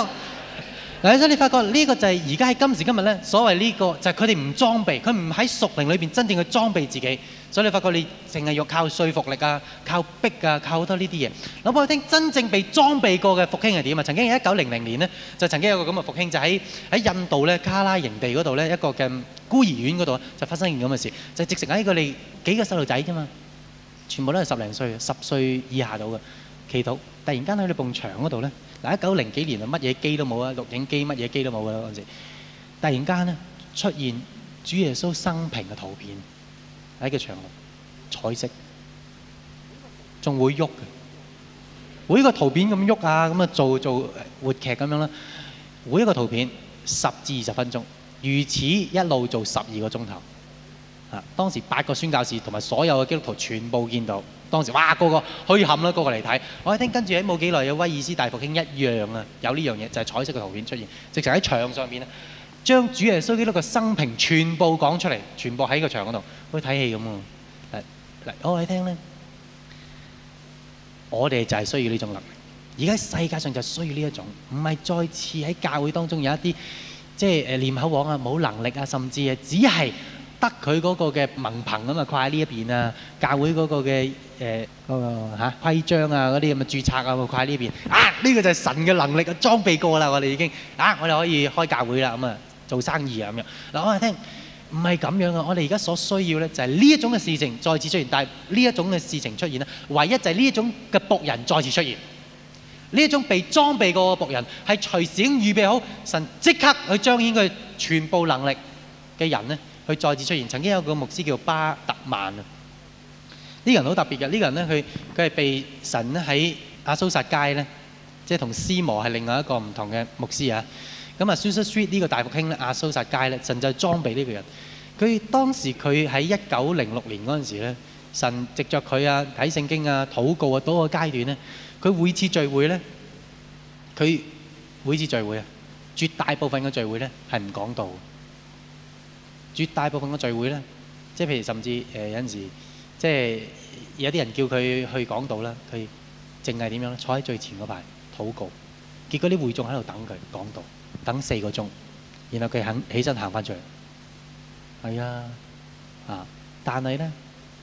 嗱，所以你發覺呢個就係而家喺今時今日咧，所謂呢個就係佢哋唔裝備，佢唔喺屬靈裏邊真正去裝備自己。所以你發覺你淨係要靠說服力啊，靠逼啊，靠好多呢啲嘢。諗翻我聽，真正被裝備過嘅復興係點啊？曾經喺一九零零年呢，就曾經有一個咁嘅復興，就喺喺印度咧卡拉營地嗰度咧一個嘅孤兒院嗰度啊，就發生一件咁嘅事，就直情喺佢哋幾個細路仔啫嘛，全部都係十零歲、十歲以下到嘅祈禱，突然間喺你埲牆嗰度咧，嗱一九零幾年啊，乜嘢機都冇啊，錄影機乜嘢機都冇啊嗰陣，突然間咧出現主耶穌生平嘅圖片。喺個牆，彩色，仲會喐嘅，每一個圖片咁喐啊，咁啊做做活劇咁樣啦，每一個圖片十至二十分鐘，如此一路做十二個鐘頭。啊，當時八個宣教士同埋所有嘅基督徒全部見到，當時哇，個個虛冚啦，個個嚟睇。我一聽跟住喺冇幾耐，有威爾斯大復興一樣啊，有呢樣嘢就係、是、彩色嘅圖片出現，直情喺牆上面將主耶穌基督嘅生平全部講出嚟，全部喺個牆嗰度，好似睇戲咁啊！嚟嚟，我哋聽咧，我哋就係需要呢種能力。而家世界上就需要呢一種，唔係再次喺教會當中有一啲即係誒念口簧啊、冇能力啊，甚至啊，只係得佢嗰個嘅文憑啊嘛，掛喺呢一邊啊，教會嗰個嘅誒嗰個吓規章啊嗰啲咁嘅註冊啊，掛喺呢邊啊，呢個就係神嘅能力啊，裝備過啦，我哋已經啊，我哋可以開教會啦咁啊！做生意啊咁樣，嗱我哋聽唔係咁樣嘅。我哋而家所需要咧就係呢一種嘅事情再次出現，但係呢一種嘅事情出現咧，唯一就係呢一種嘅僕人再次出現。呢一種被裝備過嘅僕人係隨時已經預備好，神即刻去彰顯佢全部能力嘅人咧，去再次出現。曾經有個牧師叫巴特曼啊，呢個人好特別嘅。呢個人咧，佢佢係被神喺阿蘇撒街咧，即係同斯摩係另外一個唔同嘅牧師啊。咁啊，蘇薩街呢個大復興咧，阿蘇薩街咧，神就裝備呢個人。佢當時佢喺一九零六年嗰陣時咧，神藉着佢啊睇聖經啊、禱告啊多個階段咧，佢每次聚會咧，佢每次聚會啊，絕大部分嘅聚會咧係唔講道，絕大部分嘅聚會咧，即係譬如甚至誒有陣時，即係有啲人叫佢去講道啦，佢淨係點樣咧？坐喺最前嗰排禱告，結果啲會眾喺度等佢講道。等四個鐘，然後佢肯起身行翻出嚟。係啊，啊！但係呢，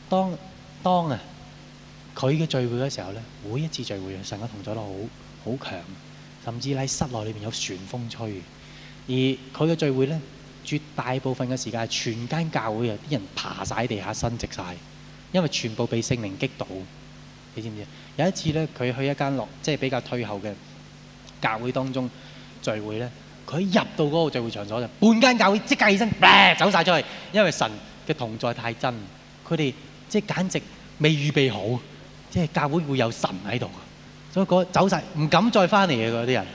當當啊，佢嘅聚會嘅時候呢，每一次聚會啊，神嘅同在都好好強，甚至喺室內裏面有旋風吹。而佢嘅聚會呢，絕大部分嘅時間係全間教會啊，啲人爬晒地下，伸直晒，因為全部被聖靈擊倒。你知唔知？有一次呢，佢去一間落即係比較退後嘅教會當中。聚會咧，佢入到嗰個聚會場所就半間教會即刻起身，走晒出去，因為神嘅同在太真，佢哋即係簡直未預備好，即係教會會有神喺度，所以嗰走晒，唔敢再翻嚟嘅嗰啲人，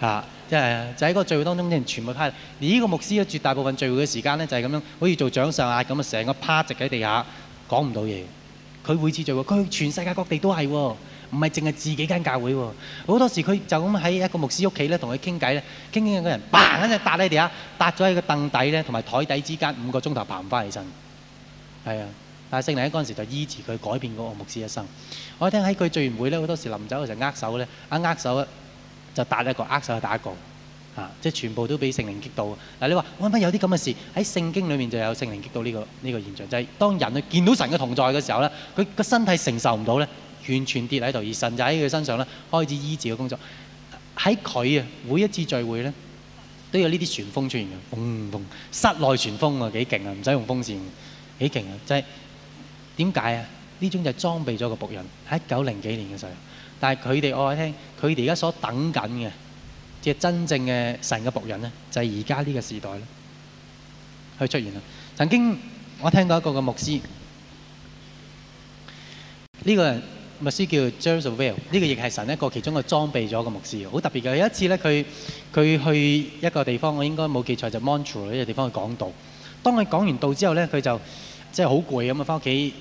嚇、啊，即係就喺、是、個聚會當中啲人全部趴。而呢個牧師咧，絕大部分聚會嘅時間咧就係、是、咁樣，好似做掌上壓啊，咁啊成個趴直喺地下講唔到嘢，佢每次聚會，佢全世界各地都係。唔係淨係自己間教會喎，好多時佢就咁喺一個牧師屋企咧，同佢傾偈咧，傾傾有個人，bang 一聲搭你哋下，搭咗喺個凳底咧，同埋台底之間五個鐘頭爬唔翻起身，係啊！但係聖靈喺嗰陣時就依住佢改變嗰個牧師一生。我聽喺佢聚完會咧，好多時臨走嘅時候握手咧，一握手就笪一個，握手打一個，嚇、啊！即係全部都俾聖靈擊到。嗱、啊，你話我諗有啲咁嘅事喺聖經裏面就有聖靈擊到呢個呢個現象？就係當人佢見到神嘅同在嘅時候咧，佢個身體承受唔到咧。完全跌喺度，而神就喺佢身上咧，開始醫治嘅工作。喺佢啊，每一次聚會咧，都有呢啲旋風出現嘅，嗡、呃、嗡、呃。室內旋風啊，幾勁啊，唔使用，用風扇，幾勁啊！即係點解啊？呢種就係裝備咗個僕人。喺一九零幾年嘅時候，但係佢哋我聽，佢哋而家所等緊嘅即係真正嘅神嘅僕人咧，就係而家呢個時代咧去出現啦。曾經我聽過一個嘅牧師，呢、這個人。牧師叫 Jerry Savelle 呢個亦係神一個其中嘅裝備咗嘅牧師，好特別嘅。佢有一次咧，佢佢去一個地方，我應該冇記錯，就 Montreal 呢個地方去講道。當佢講完道之後咧，佢就即係好攰咁啊，翻屋企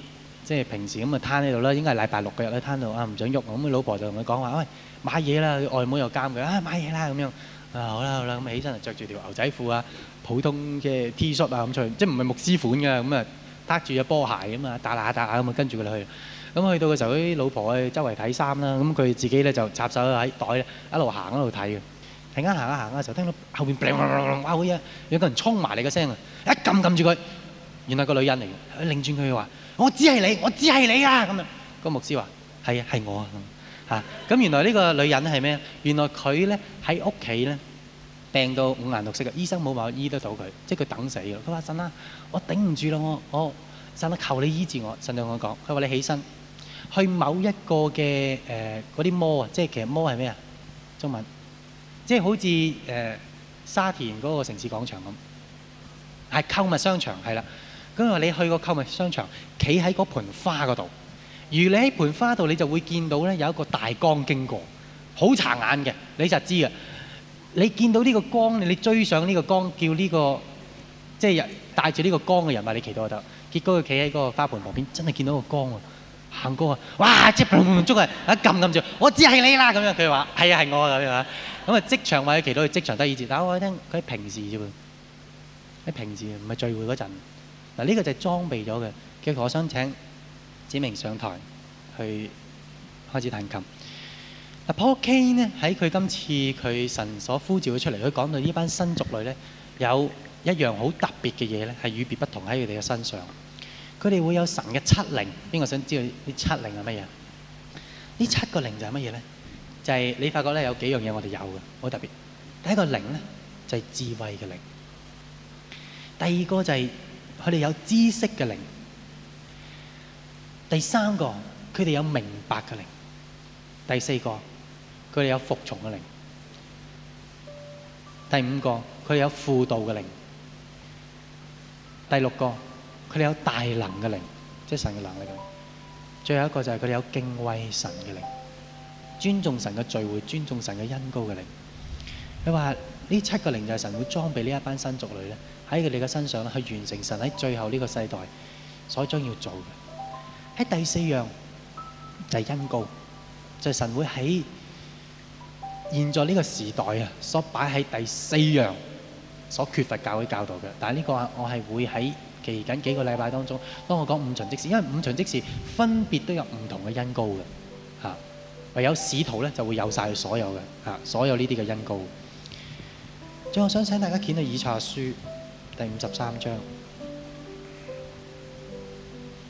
即係平時咁啊，攤喺度啦。應該係禮拜六個日咧，攤喺度啊，唔想喐咁。老婆就同佢講話：喂、哎，買嘢啦！外母又監佢啊，買嘢啦咁樣啊，好啦好啦咁，起身就着住條牛仔褲啊，普通嘅 T-shirt 啊咁出，即係唔係牧師款嘅咁啊。擸住隻波鞋咁啊，打下打下咁啊，跟住佢哋去。咁去到嘅時候，啲老婆去周圍睇衫啦。咁佢自己咧就插手喺袋，一路行一路睇嘅。突然間行啊行啊，就聽到後面唪唪唪唪哇嘅嘢，有個人衝埋嚟嘅聲啊，一撳撳住佢，原來個女人嚟嘅。佢擰轉佢話：我只係你，我只係你啊！咁啊，個牧師話：係啊，係我啊。嚇！咁原來呢個女人係咩？原來佢咧喺屋企咧。病到五顏六色嘅，醫生冇辦法醫得到佢，即係佢等死咯。佢話神啦，啊，我頂唔住啦，我我神啊，求你醫治我。神就同我講，佢話你起身去某一個嘅誒嗰啲魔啊，呃、mall，即係其實魔係咩啊？中文即係好似誒、呃、沙田嗰個城市廣場咁，係購物商場係啦。咁話你去個購物商場，企喺嗰盆花嗰度，如你喺盆花度，你就會見到咧有一個大江經過，好殘眼嘅，你就知啊。你見到呢個光，你追上呢個光，叫呢、呢個即係帶住呢個光嘅人物，你期待就得。結果佢企喺個花盆旁邊，真係見到個光喎，行光啊！哇，即係 捉人，一撳撳住，我知係你啦咁樣。佢話：係啊，係我咁樣。咁啊，職場話佢期待佢職場得醫治，但我聽佢喺平時啫喎，喺平時唔係聚會嗰陣。嗱、啊，呢、呢個就係裝備咗嘅。其實我想請子明上台去開始彈琴。嗱，Paul Cain 咧喺佢今次佢神所呼召佢出嚟，佢講到呢班新族類咧有一樣好特別嘅嘢咧，係與別不同喺佢哋嘅身上。佢哋會有神嘅七靈，邊個想知道呢七靈係乜嘢？呢七個靈就係乜嘢咧？就係、是、你發覺咧有幾樣嘢我哋有嘅好特別。第一個靈咧就係、是、智慧嘅靈，第二個就係佢哋有知識嘅靈，第三個佢哋有明白嘅靈，第四個。佢哋有服從嘅靈，第五個佢哋有輔導嘅靈，第六個佢哋有大能嘅靈，即係神嘅能力。最後一個就係佢哋有敬畏神嘅靈，尊重神嘅聚會，尊重神嘅恩膏嘅靈。你話呢七個靈就係神會裝備呢一班新族類咧，喺佢哋嘅身上去完成神喺最後呢個世代所將要做嘅。喺第四樣就係、是、恩膏，就係、是、神會喺。現在呢個時代啊，所擺喺第四樣所缺乏教會教導嘅。但係呢個我係會喺期緊幾個禮拜當中，當我講五旬職事，因為五旬職事分別都有唔同嘅恩膏嘅，嚇唯有使徒呢，就會有晒所有嘅所有呢啲嘅恩膏。最後想請大家看到以賽亞書第五十三章，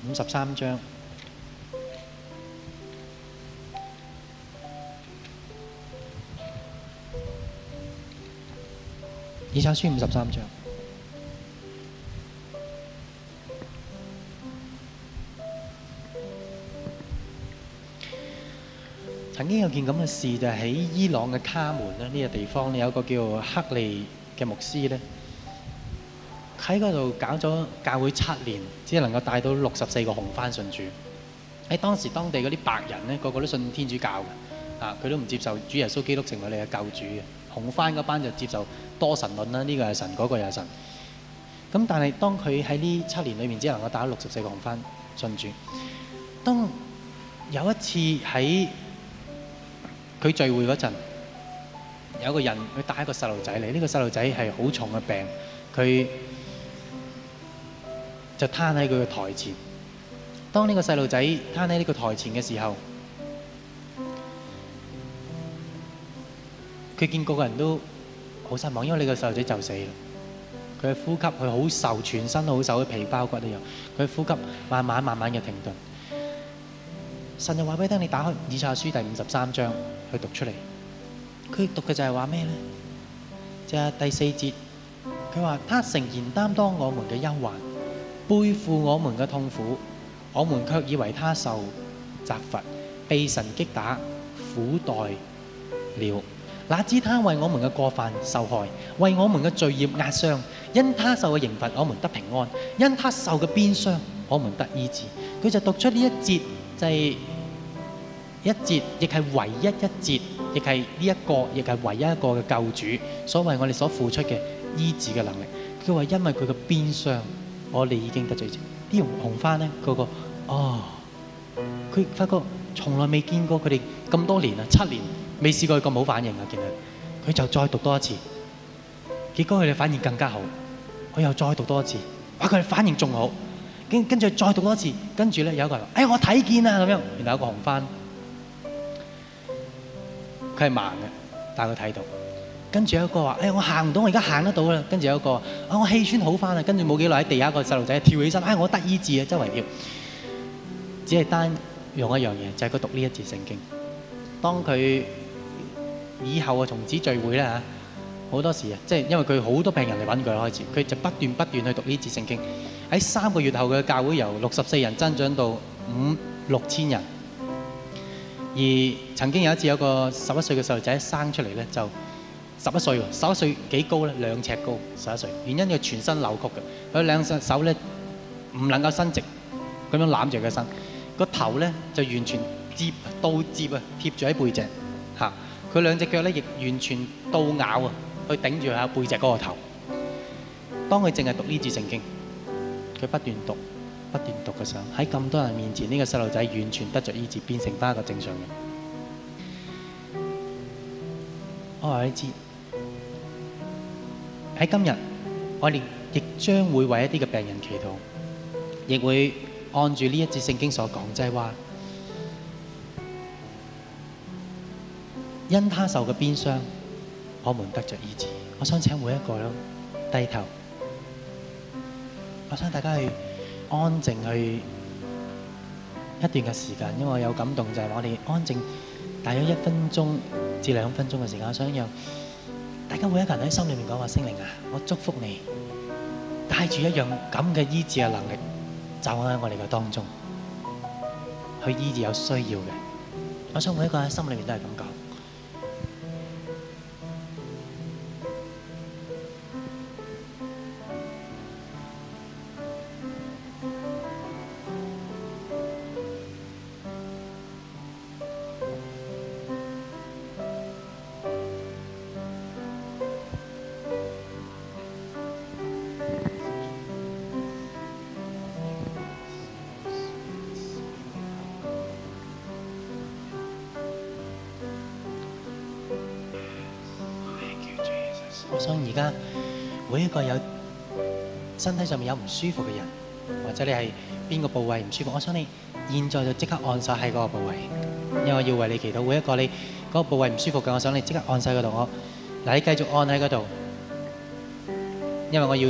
五十三章。以撒書五十三章。曾經有件咁嘅事，就喺伊朗嘅卡門咧呢個地方咧，有一個叫克利嘅牧師咧，喺嗰度搞咗教會七年，只能夠帶到六十四個紅番信主。喺當時當地嗰啲白人咧，個個都信天主教嘅，啊佢都唔接受主耶穌基督成為你嘅救主嘅，紅番嗰班就接受。多神論啦，呢、這個係神，嗰、那個又係神。咁但係當佢喺呢七年裏面只能夠打六十四個紅番信主。當有一次喺佢聚會嗰陣，有個人佢帶一個細路仔嚟，呢、這個細路仔係好重嘅病，佢就攤喺佢嘅台前。當呢個細路仔攤喺呢個台前嘅時候，佢見個個人都好失望，因為你個細路仔就死啦！佢嘅呼吸，佢好瘦，全身都好瘦，皮包骨一樣。佢呼吸慢慢、慢慢嘅停頓。神就話俾你聽，你打開《以賽書》第五十三章去讀出嚟。佢讀嘅就係話咩呢？就係第四節，佢話他誠然擔當我們嘅憂患，背負我們嘅痛苦，我們卻以為他受責罰，被神擊打，苦待了。哪知他為我們的過犯受害，為我們的罪孽壓傷；因他受的刑罰，我們得平安；因他受的鞭傷，我們得醫治。佢就讀出呢一節，就是一節，亦係唯一一節，也是呢一個，亦係唯一一個的救主，所謂我哋所付出的醫治的能力。佢話因為佢的鞭傷，我哋已經得醫治。啲紅花咧，嗰個哦，佢發覺從來未見過佢哋這麼多年啊，七年。未試過咁冇反應啊！見佢，佢就再讀多一次，結果佢哋反應更加好。佢又再讀多一次，哇！佢哋反應仲好。跟住再讀多次，跟住咧有一個話，哎，我睇見啊咁樣。然後有個紅翻，佢係盲嘅，但係佢睇到。跟住有一個話，哎，我行唔到，我而家行得到啦。跟住有一個，啊，我氣喘好翻啦。跟住冇幾耐喺地下個細路仔跳起身，哎，我得醫治啊，周圍跳。只係單用一樣嘢，就係、是、佢讀呢一字聖經。當佢。以後啊，從此聚會咧嚇，好多時啊，即係因為佢好多病人嚟揾佢啦。開始佢就不斷不斷去讀呢節聖經。喺三個月後嘅教會由六十四人增長到五六千人。而曾經有一次有個十一歲嘅細路仔生出嚟咧，就十一歲喎，十一歲幾高咧？兩尺高，十一歲。原因佢全身扭曲嘅，佢兩隻手咧唔能夠伸直，咁樣攬住佢身，個頭咧就完全接刀接啊，貼住喺背脊嚇。佢兩隻腳咧，亦完全倒咬啊，去頂住下背脊嗰個頭。當佢淨係讀呢字聖經，佢不斷讀、不斷讀嘅時候，喺咁多人面前，呢、這個細路仔完全得着醫治，變成翻一個正常人。我話你知，喺今日，我哋亦將會為一啲嘅病人祈禱，亦會按住呢一節聖經所講，即係話。因他受嘅鞭傷，我們得着醫治。我想請每一個人低頭，我想大家去安靜去一段嘅時間，因為我有感動就係、是、我哋安靜大約一分鐘至兩分鐘嘅時間。我想讓大家每一個人喺心裏面講話：聖靈啊，我祝福你，帶住一樣咁嘅醫治嘅能力，走喺我哋嘅當中去醫治有需要嘅。我想每一個人喺心裏面都係咁。上面有唔舒服嘅人，或者你係邊個部位唔舒服，我想你現在就即刻按晒喺嗰個部位，因為我要為你祈禱。每一個你嗰個部位唔舒服嘅，我想你即刻按晒嗰度。我嗱，你繼續按喺嗰度，因為我要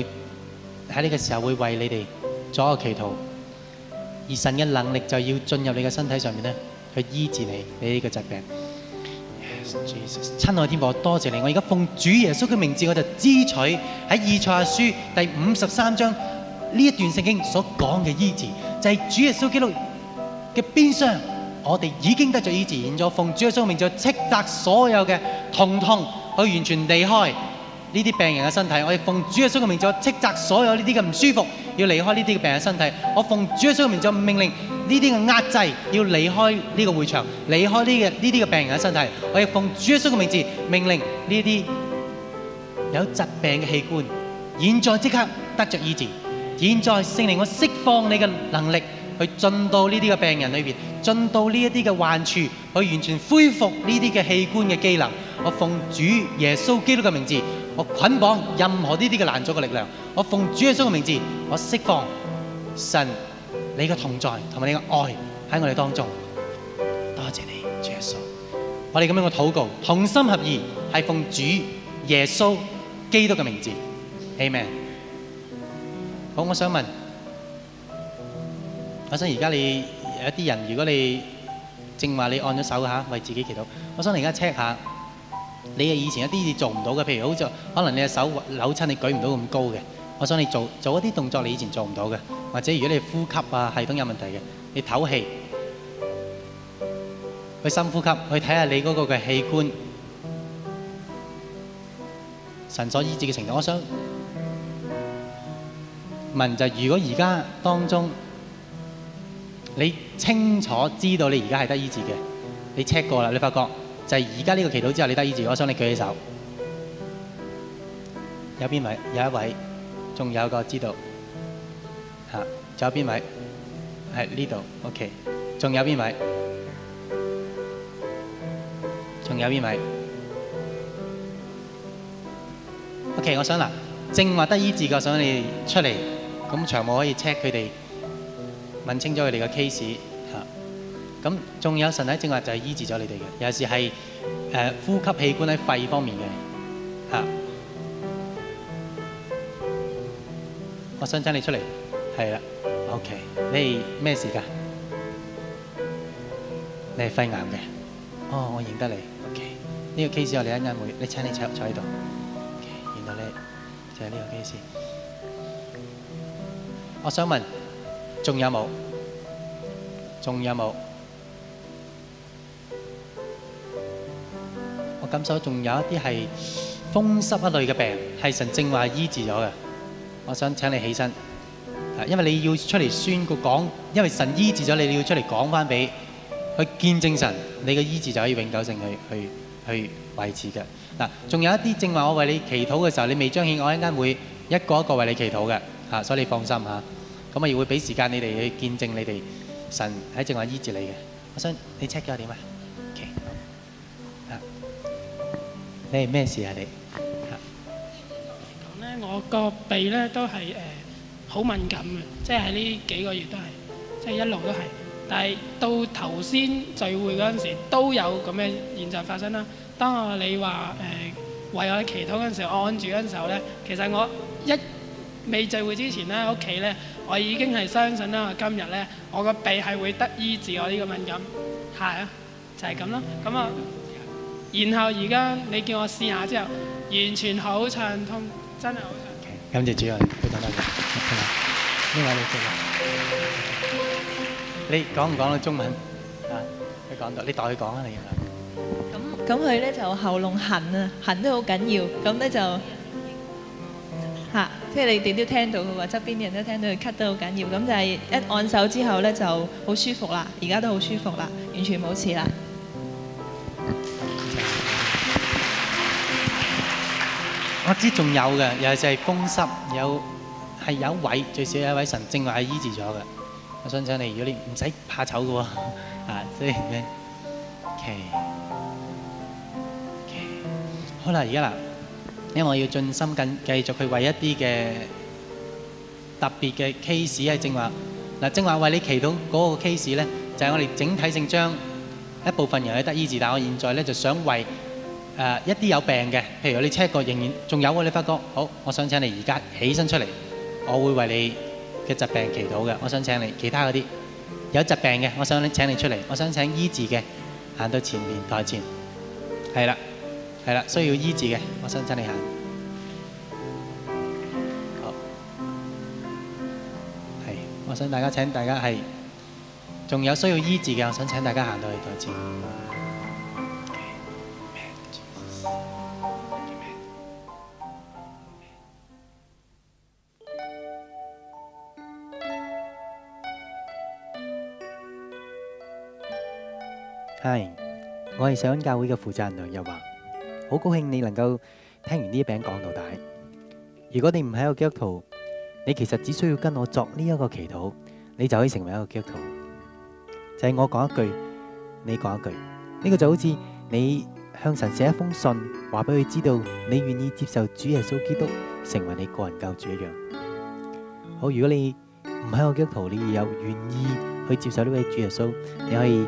喺呢個時候會為你哋做一個祈禱，而神嘅能力就要進入你嘅身體上面咧，去醫治你你呢個疾病。親愛的天父，多謝你，我而家奉主耶穌嘅名字，我就支取喺以賽亞書第五十三章呢一段聖經所講嘅醫治，就係、是、主耶穌基督嘅鞭傷，我哋已經得咗醫治。我而家奉主耶穌嘅名，就斥責所有嘅痛痛，去完全離開呢啲病人嘅身體；我哋奉主耶穌嘅名，就斥責所有呢啲嘅唔舒服，要離開呢啲嘅病人嘅身體；我奉主耶穌嘅名，就命令。呢啲嘅壓制要離開呢個會場，離開呢嘅呢啲嘅病人嘅身體。我要奉主耶穌嘅名字命令呢啲有疾病嘅器官，現在即刻得着醫治。現在聖靈，我釋放你嘅能力去進到呢啲嘅病人裏邊，進到呢一啲嘅患處，去完全恢復呢啲嘅器官嘅機能。我奉主耶穌基督嘅名字，我捆綁任何呢啲嘅攔阻嘅力量。我奉主耶穌嘅名字，我釋放神。你嘅同在同埋你嘅愛喺我哋當中，多謝你，Jesus。我哋咁樣嘅禱告，同心合意，係奉主耶穌基督嘅名字，Amen。好，我想問，我想你而家你有一啲人，如果你正話你按咗手吓為自己祈禱，我想你而家 check 下，你係以前一啲嘢做唔到嘅，譬如好似可能你嘅手扭親，你舉唔到咁高嘅。我想你做做一啲動作，你以前做唔到嘅，或者如果你呼吸啊系統有問題嘅，你唞氣，去深呼吸，去睇下你嗰個器官神所醫治嘅程度。我想問就係如果而家當中你清楚知道你而家係得醫治嘅，你 check 過啦，你發覺就係而家呢個祈禱之後你得醫治，我想你舉起手，有邊位，有一位？仲有一個知道，嚇，仲有邊位？喺呢度，OK。仲有邊位？仲有邊位？OK，我想嗱，正話得醫治個想你哋出嚟，咁長務可以 check 佢哋，問清楚佢哋嘅 case 嚇。咁仲有神體正話就係醫治咗你哋嘅，有時係誒呼吸器官喺肺方面嘅嚇。我想請你出嚟，係啦，OK。你係咩事噶？你係肺癌嘅？哦，我認得你，OK。呢個 case 我哋一間會，你請你坐坐喺度，OK。原來你就係呢個 case。我想問，仲有冇？仲有冇？我感受到仲有一啲係風濕一類嘅病，係神正話醫治咗嘅。我想請你起身，啊，因為你要出嚟宣個講，因為神醫治咗你，你要出嚟講翻俾去見證神，你嘅醫治就可以永久性去去去維持嘅。嗱，仲有一啲正話，我為你祈禱嘅時候，你未彰顯，我一陣間會一個一個為你祈禱嘅，啊，所以你放心嚇。咁、啊、我亦會俾時間你哋去見證你哋神喺正話醫治你嘅。我想你 check 咗點啊，OK？你係咩事啊你？我個鼻咧都係誒好敏感嘅，即係喺呢幾個月都係，即係一路都係。但係到頭先聚會嗰陣時都有咁嘅現象發生啦。當我你話誒、呃、為我祈禱嗰陣時，按住嗰陣時候咧，其實我一未聚會之前咧，屋企咧我已經係相信啦。我今日咧我個鼻係會得醫治我呢個敏感，係啊，就係咁咯。咁啊，然後而家你叫我試下之後，完全好暢通。真係好神奇！感謝主任，非常感謝。呢位女士，你講唔講到中文啊？你講到，你代佢講啊，你。咁咁，佢咧就喉嚨痕啊，痕都好緊要。咁咧就嚇，即係你點都聽到，佢話，側邊人都聽到佢咳得好緊要。咁就係一按手之後咧，就好舒服啦。而家都好舒服啦，完全冇事啦。我知仲有嘅，又就係風濕有係有位，最少有一位神正話係醫治咗嘅。我想請你，如果你唔使怕醜嘅喎，啊，所以咧，祈祈好啦，而家啦，因為我要盡心緊繼續去為一啲嘅特別嘅 case 係正話嗱，正話為你祈禱嗰個 case 咧，就係我哋整體性將一部分人係得醫治，但係我現在咧就想為。Uh, 一啲有病嘅，譬如你 check 過仍然仲有、啊、你發覺好，我想請你而家起身出嚟，我會為你嘅疾病祈禱嘅。我想請你其他嗰啲有疾病嘅，我想請你出嚟。我想請醫治嘅行到前面台前，係啦係啦，需要醫治嘅，我想請你行。好係，我想大家請大家係，仲有需要醫治嘅，我想請大家行到去台前。Hi，我係上恩教會嘅負責人梁日華，好高興你能夠聽完呢一餅講道帶。如果你唔係一個基督徒，你其實只需要跟我作呢一個祈禱，你就可以成為一個基督徒。就係我講一句，你講一句，呢個就好似你向神寫一封信，話俾佢知道你願意接受主耶穌基督成為你個人救主一樣。好，如果你唔係一個基督徒，而又願意去接受呢位主耶穌，你可以。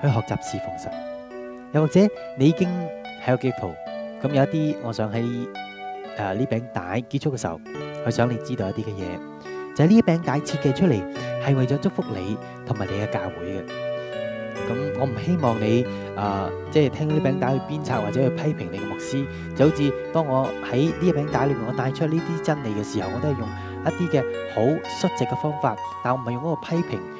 去學習侍奉神，又或者你已經喺有基督徒，咁有一啲，我想喺誒呢餅帶結束嘅時候，去想你知道一啲嘅嘢，就係呢餅帶設計出嚟係為咗祝福你同埋你嘅教會嘅。咁我唔希望你誒即係聽呢餅帶去鞭策或者去批評你嘅牧師，就好似當我喺呢餅帶裏面我帶出呢啲真理嘅時候，我都係用一啲嘅好率直嘅方法，但我唔係用嗰個批評。